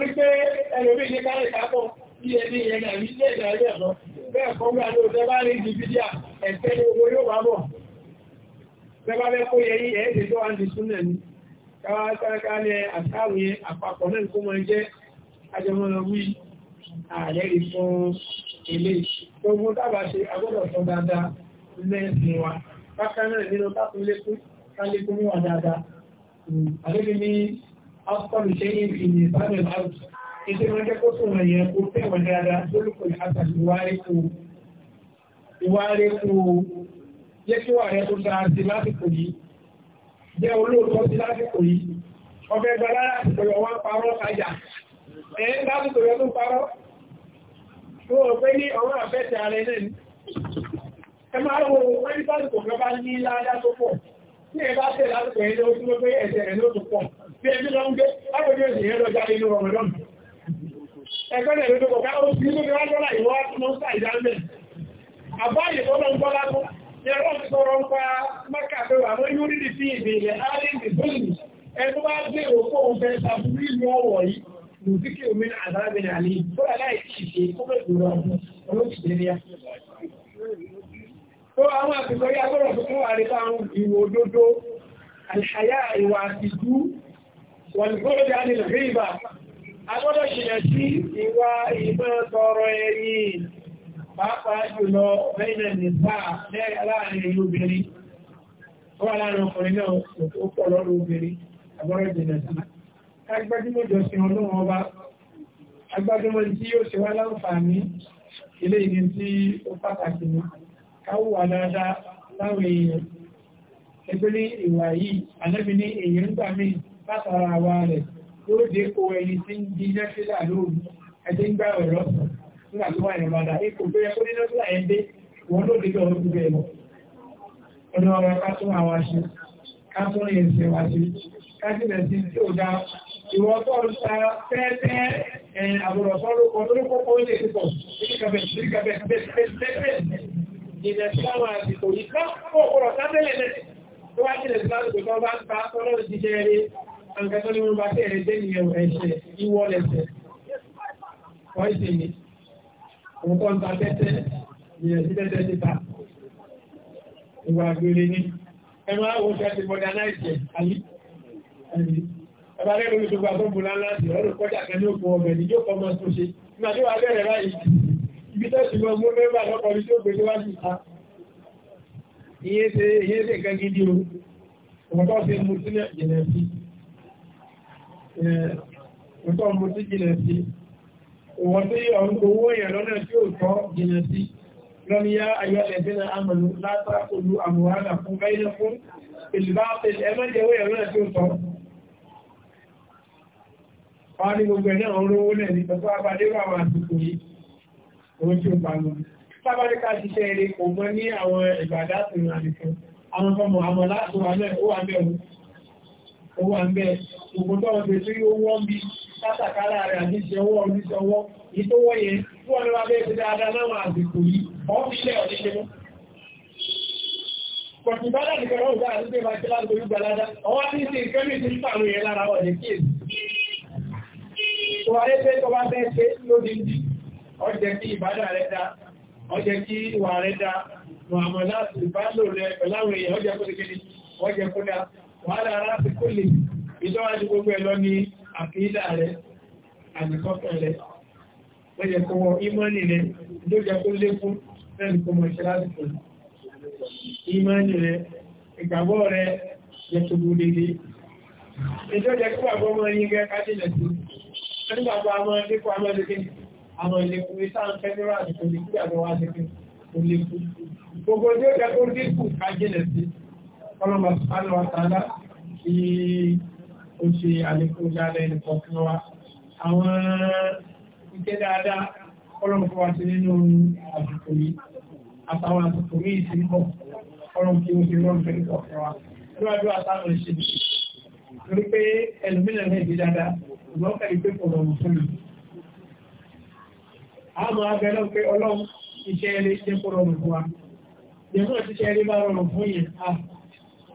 rí bí ẹni yẹn náà ní ilé ìdarí ẹ̀lọ́ bẹ́ẹ̀ kọ́ gbà ló tẹ́ bá rí ibi bídíà ẹ̀fẹ́ ní owó yóò wá bọ̀ tẹ́ bá fẹ́ kó yẹ yí ẹ̀ ẹ́ tó wá ń di súnlẹ̀ ni káwá sáraká ní àtàrù yẹn àpapọ̀ náà kó mọ jẹ́ ajẹmọ́nà wí ààrẹ rí fún ilé gbogbo dábàá ṣe agbọ́dọ̀ sọ dáadáa lẹ́sìn wa bákan náà nínú tákùn lékún kálékún wà dáadáa àlébí ń fi ní ìbámu ìbámu iṣẹ́ wọn jẹ́ kó sùn ẹ̀yẹ kó tẹ̀wọ̀n dáadáa lórúkọ ìhásàlì ìwárẹ́ kú jẹ́ kí wà rẹ̀ tó dáa sí lásìkò yìí jẹ́ olóòtọ́ sí lásìkò yìí ọbẹ̀ gbọ́lá lásìkò yọ wá parọ́ kájà ẹ̀ lásìkò yọ tó parọ́ tó o ní ọwọ́ àfẹ́tẹ̀ ààrẹ náà ni ẹ máa wo wọ́n ní lásìkò kan bá ní ládá tó pọ̀ tí ẹ bá tẹ̀ lásìkò yẹn ló tó pọ̀ bí ẹbí lọ ń gbé láwọn ojú òṣèlú lọ jáde inú ọmọdọ́mù ẹgbẹ́lẹ̀ ìlúdókò ká ó sí ní wá dọ́là ìwọ́ mọ́sá ìdámẹ́ àbáyé tó lọ ń gbọ́lá tó ní ẹ̀rọ ti sọ̀rọ̀ ń pa mọ́kà pé wà mọ́ yúrí ní sí ìdè ilẹ̀ áàrínì bóyìí ẹgbẹ́ bá gbé òkú ọ̀fẹ́ sàbúrí ìlú ọ̀wọ̀ yìí lùsíkì omi àdáàbẹ̀ àlè tó rà láì kí ìṣe kó bẹ̀ tó lọ olóṣìṣẹ́ríà tó àwọn àsìkò yá gbọ́dọ̀ tó fún àríkà ìwò òdodo àṣàyà ìwà àtìjú wọ̀lùkọ́ agbọ́dọ̀ jìnà sí ìwà ìmọ̀ tọrọ ẹ̀yìn pàápàá jùlọ bẹ́ẹ̀nà nìfà láàrin obìnrin tó wà láàrin ọkùnrin náà ó pọ̀ lọ́rọ̀ obìnrin agbọ́dọ̀ jìnà sí agbájúmọ̀ jọsìn ọlọ́run ọba agbájúmọ̀ tí yóò ṣe wá láǹfààní ilé ìní tí ó pàtàkì ní káwò wà dáadáa láwọn èèyàn ẹgbẹ́ ní ìwà yìí ànábi ní èèyàn gbà mí látara àwa rẹ̀ yóò dé kó ẹni tí ń di nẹ́fílà lóòrùn ẹjẹ́ ń gbà ẹ̀rọ nígbà tó wà ní ọ̀bàdà èkó tó yẹ kó ní nẹ́fílà ẹ̀ dé wọn ló dé lọ́wọ́ gbogbo ẹ̀mọ́ ọ̀nà ọ̀rọ̀ ká tún àwọn aṣe ká tún rìn ẹ̀sẹ̀ wá sí ká sì rẹ̀ sí tí ó dá ìwọ tó ń ta pẹ́ẹ́pẹ́ ẹ̀yìn àbúrò sọ́lọ́kọ lórúkọ́kọ́ ó lè púpọ̀ síríkàbẹ̀ síríkàbẹ̀ pẹ́ẹ́pẹ́ ìdẹ̀ sáwọn àsìkò yìí ká kó ọ̀rọ̀ sábẹ́lẹ̀ nǹkan tó ní wọ́n bá tẹ́ ẹ̀rẹ́ jẹ́ ní ẹ̀ṣẹ̀ ìwọ́ lẹ́sẹ̀ wọ́n sì ní nǹkan ta tẹ́tẹ́ ìyẹn sí tẹ́tẹ́ síta ìwà àgbèrè ní ẹ máa wọ́n ṣe ti bọ́dá náà ìṣẹ̀ àlí ẹ̀bá rẹ̀ lórí tó gbà tó bù láńlá sí ọ̀rọ̀ kọjá kan ní òkú ọbẹ̀ ní yóò kọ́mọ tó ṣe nígbà tí wà bẹ̀rẹ̀ báyìí ibi tó ti lọ mú mẹ́bà lọ́kọ̀ ní o ọ̀pọ̀ tó ṣe mú sílẹ̀ jẹ̀rẹ̀ nǹkan mo ti jìnà sí òwò tó yẹ ọ̀hún owó èèyàn lọ́nà tí ó tọ́ jìnà sí lọ́nìyà ayọ́lẹ̀dẹ́nà amàlú látara olú àmúhálà fún báyìí fún ìlúbáfẹ́ ẹmẹ́jẹwé ẹ̀rọ náà tí ó tọ́ wọ́n ní gbogbo ẹ̀nà ọ̀rọ̀ owó náà ní pẹ̀lú abadéwà àwọn àsìkò yìí owó tí ó pàmọ́ sábàdíkà ṣiṣẹ́ eré kò mọ́ ní àwọn ìgbàdá owó àmẹ́ ògbòtọ́ ọ̀fẹ́ tí ó wọ́n bí látàkárà rẹ̀ àdíṣẹ́wọ́ oníṣẹ́wọ́ ìtọ́wọ́ yẹn tí wọ́n lọ́wọ́ bẹ́ẹ̀ ti dáadáa láwọn àsìkò yìí ọ́fíṣẹ́ ọ̀díṣẹ́ mọ́ kọ̀tùbálà nìkan wọ́n gbá àdúgbò bá jẹ́ láti olúgbàládá ọwọ́ tí ń ṣe wàhálà ara sí kó lè ìjọwájú gbogbo ẹ̀ lọ ní àkídà rẹ̀ àdìkọ́kọ̀ rẹ̀ lẹ́yẹ kó wọ ìmọ́ni rẹ̀ ló jẹ́ kó lékún lẹ́nu kó mọ̀ ìṣẹ́ lásìkò ìmọ́ni rẹ̀ ìgbàgbọ́ rẹ̀ jẹ́ tó bú dédé ìjọ jẹ́ kó gbàgbọ́ mọ́ ní gẹ́ kájílẹ̀ sí nígbàgbọ́ àmọ́ lékún àmọ́ lékún àmọ́ lékún ìsáhàn fẹ́mírà àdìkò lékún àgbọ̀ wá lékún gbogbo tí ó jẹ́ kó dínkù kájílẹ̀ sí kọ́lọ́mọ̀ sánú àtàlá kí ó ṣe àlékún dáadáa ẹni kọ̀ọ̀kan wa àwọn iṣẹ́ dáadáa kọ́lọ́mọ̀ fún wa ti nínú àsìkò yìí àtàwọn àsìkò yìí ti ń bọ̀ kọ́lọ́mọ̀ kí ó ṣe rọ́n fẹ́ kọ̀ọ̀kan wa lọ́wọ́dọ́ àtàwọn ìṣe torí pé ẹlòmínà náà ti dáadáa ṣùgbọ́n kàrí pé kò rọrùn fún mi àmọ́ abẹ́lọ́ pé ọlọ́run iṣẹ́ eré ṣe kò rọrùn fún wa jẹ́mọ́ ti ṣe eré bá rọrùn fún yẹn ah,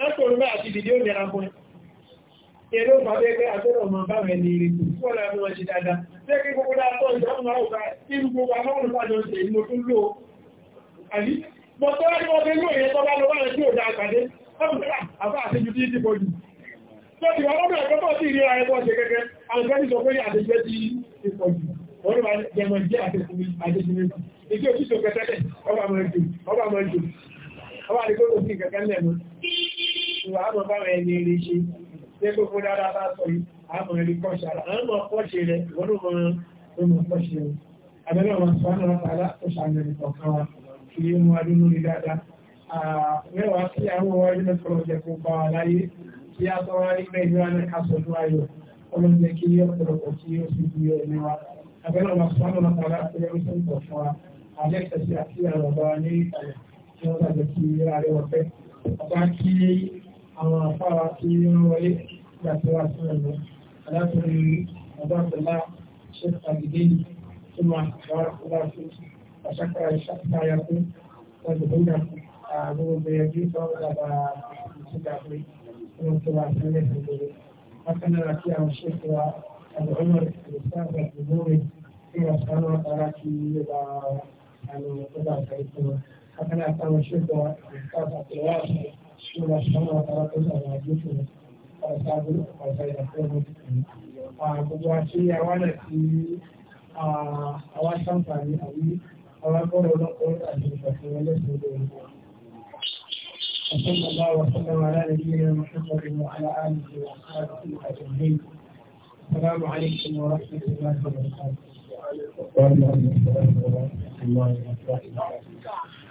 látòrò bá àti ìdílé òmìnira fún ẹ̀rọ ìfàbẹ́gbẹ́ àtọ́rọ̀ ọmọ bá rẹ̀ ní ìrìnkù fún ọ̀lá àwọn ọmọ ṣe dáadáa jẹ́ kí gbogbo dáadọ́ ìjọ́mọ̀ ọ̀gá tí gbogbo àwọn olùpàdọ̀ ṣe ìmò tó lò àbí bọ̀tọ́ láti wọ́n tí ò wọ́n lọ́bẹ̀ ẹ̀kọ́ sí ìrírà ẹ̀kọ́ ṣe kẹ́kẹ́ àwọn kẹ́kẹ́ sọ pé àwọn àrígbógbò sí ìkẹ̀kẹ́ lẹ́nu ìwà àmọ́ báwọn ẹni eré ṣe tẹ́ gbogbo dára bá sọ yìí àmọ́ ẹni kọ́ṣe ara àmọ́ kọ́ṣe rẹ̀ wọ́n ló mọ kọ́ṣe rẹ̀ abẹ́rẹ́ wọn sọ ọ́nà àtàlá tó ṣàmìlì kọ̀ọ̀kan wa kì í mú adúmú ní dáadáa mẹ́wàá sí àwọn ọ̀rọ̀ ilẹ̀ sọ̀rọ̀ jẹ́ kó bá wa láyé kí a sọ wá ní pẹ̀lú àmì àṣọjú ayọ̀ ọlọ́jẹ́ kí ọ̀pọ̀lọpọ̀ kí ó sì bí ẹni wa abẹ́rẹ́ wọn sọ kí wọ́n dàgbé kí ààrẹ ọ̀fẹ́ ọba kí àwọn afárá kí wọ́n wọlé kí àtúwà sí ọ̀nà alákùnrin ọba àtọ́lá ṣe àgbègbè tó máa kàwá ọba sí àṣàkà ìṣàkàyà fún ọdún tó dà àwọn obìnrin tó ń dàgbà tó dàgbé wọn tó wà sílẹ̀ tó lórí. Bákan náà kí àwọn ṣe fún wa حتى لا يكون الشرك ويكون القياس شورى سبحانه وتعالى كل ما يجوزه ورساله وسيكون gbogbo àti àwálẹ̀ tí àwa ṣàǹfààní àbí àwa gbọ́dọ̀ ọlọ́pọ̀ àti ìfẹ̀fẹ̀ ẹlẹ́sìn lórí وصلى الله وسلم على نبينا محمد وعلى اله وصحبه اجمعين السلام عليكم ورحمه الله وبركاته وعليكم السلام ورحمه الله وبركاته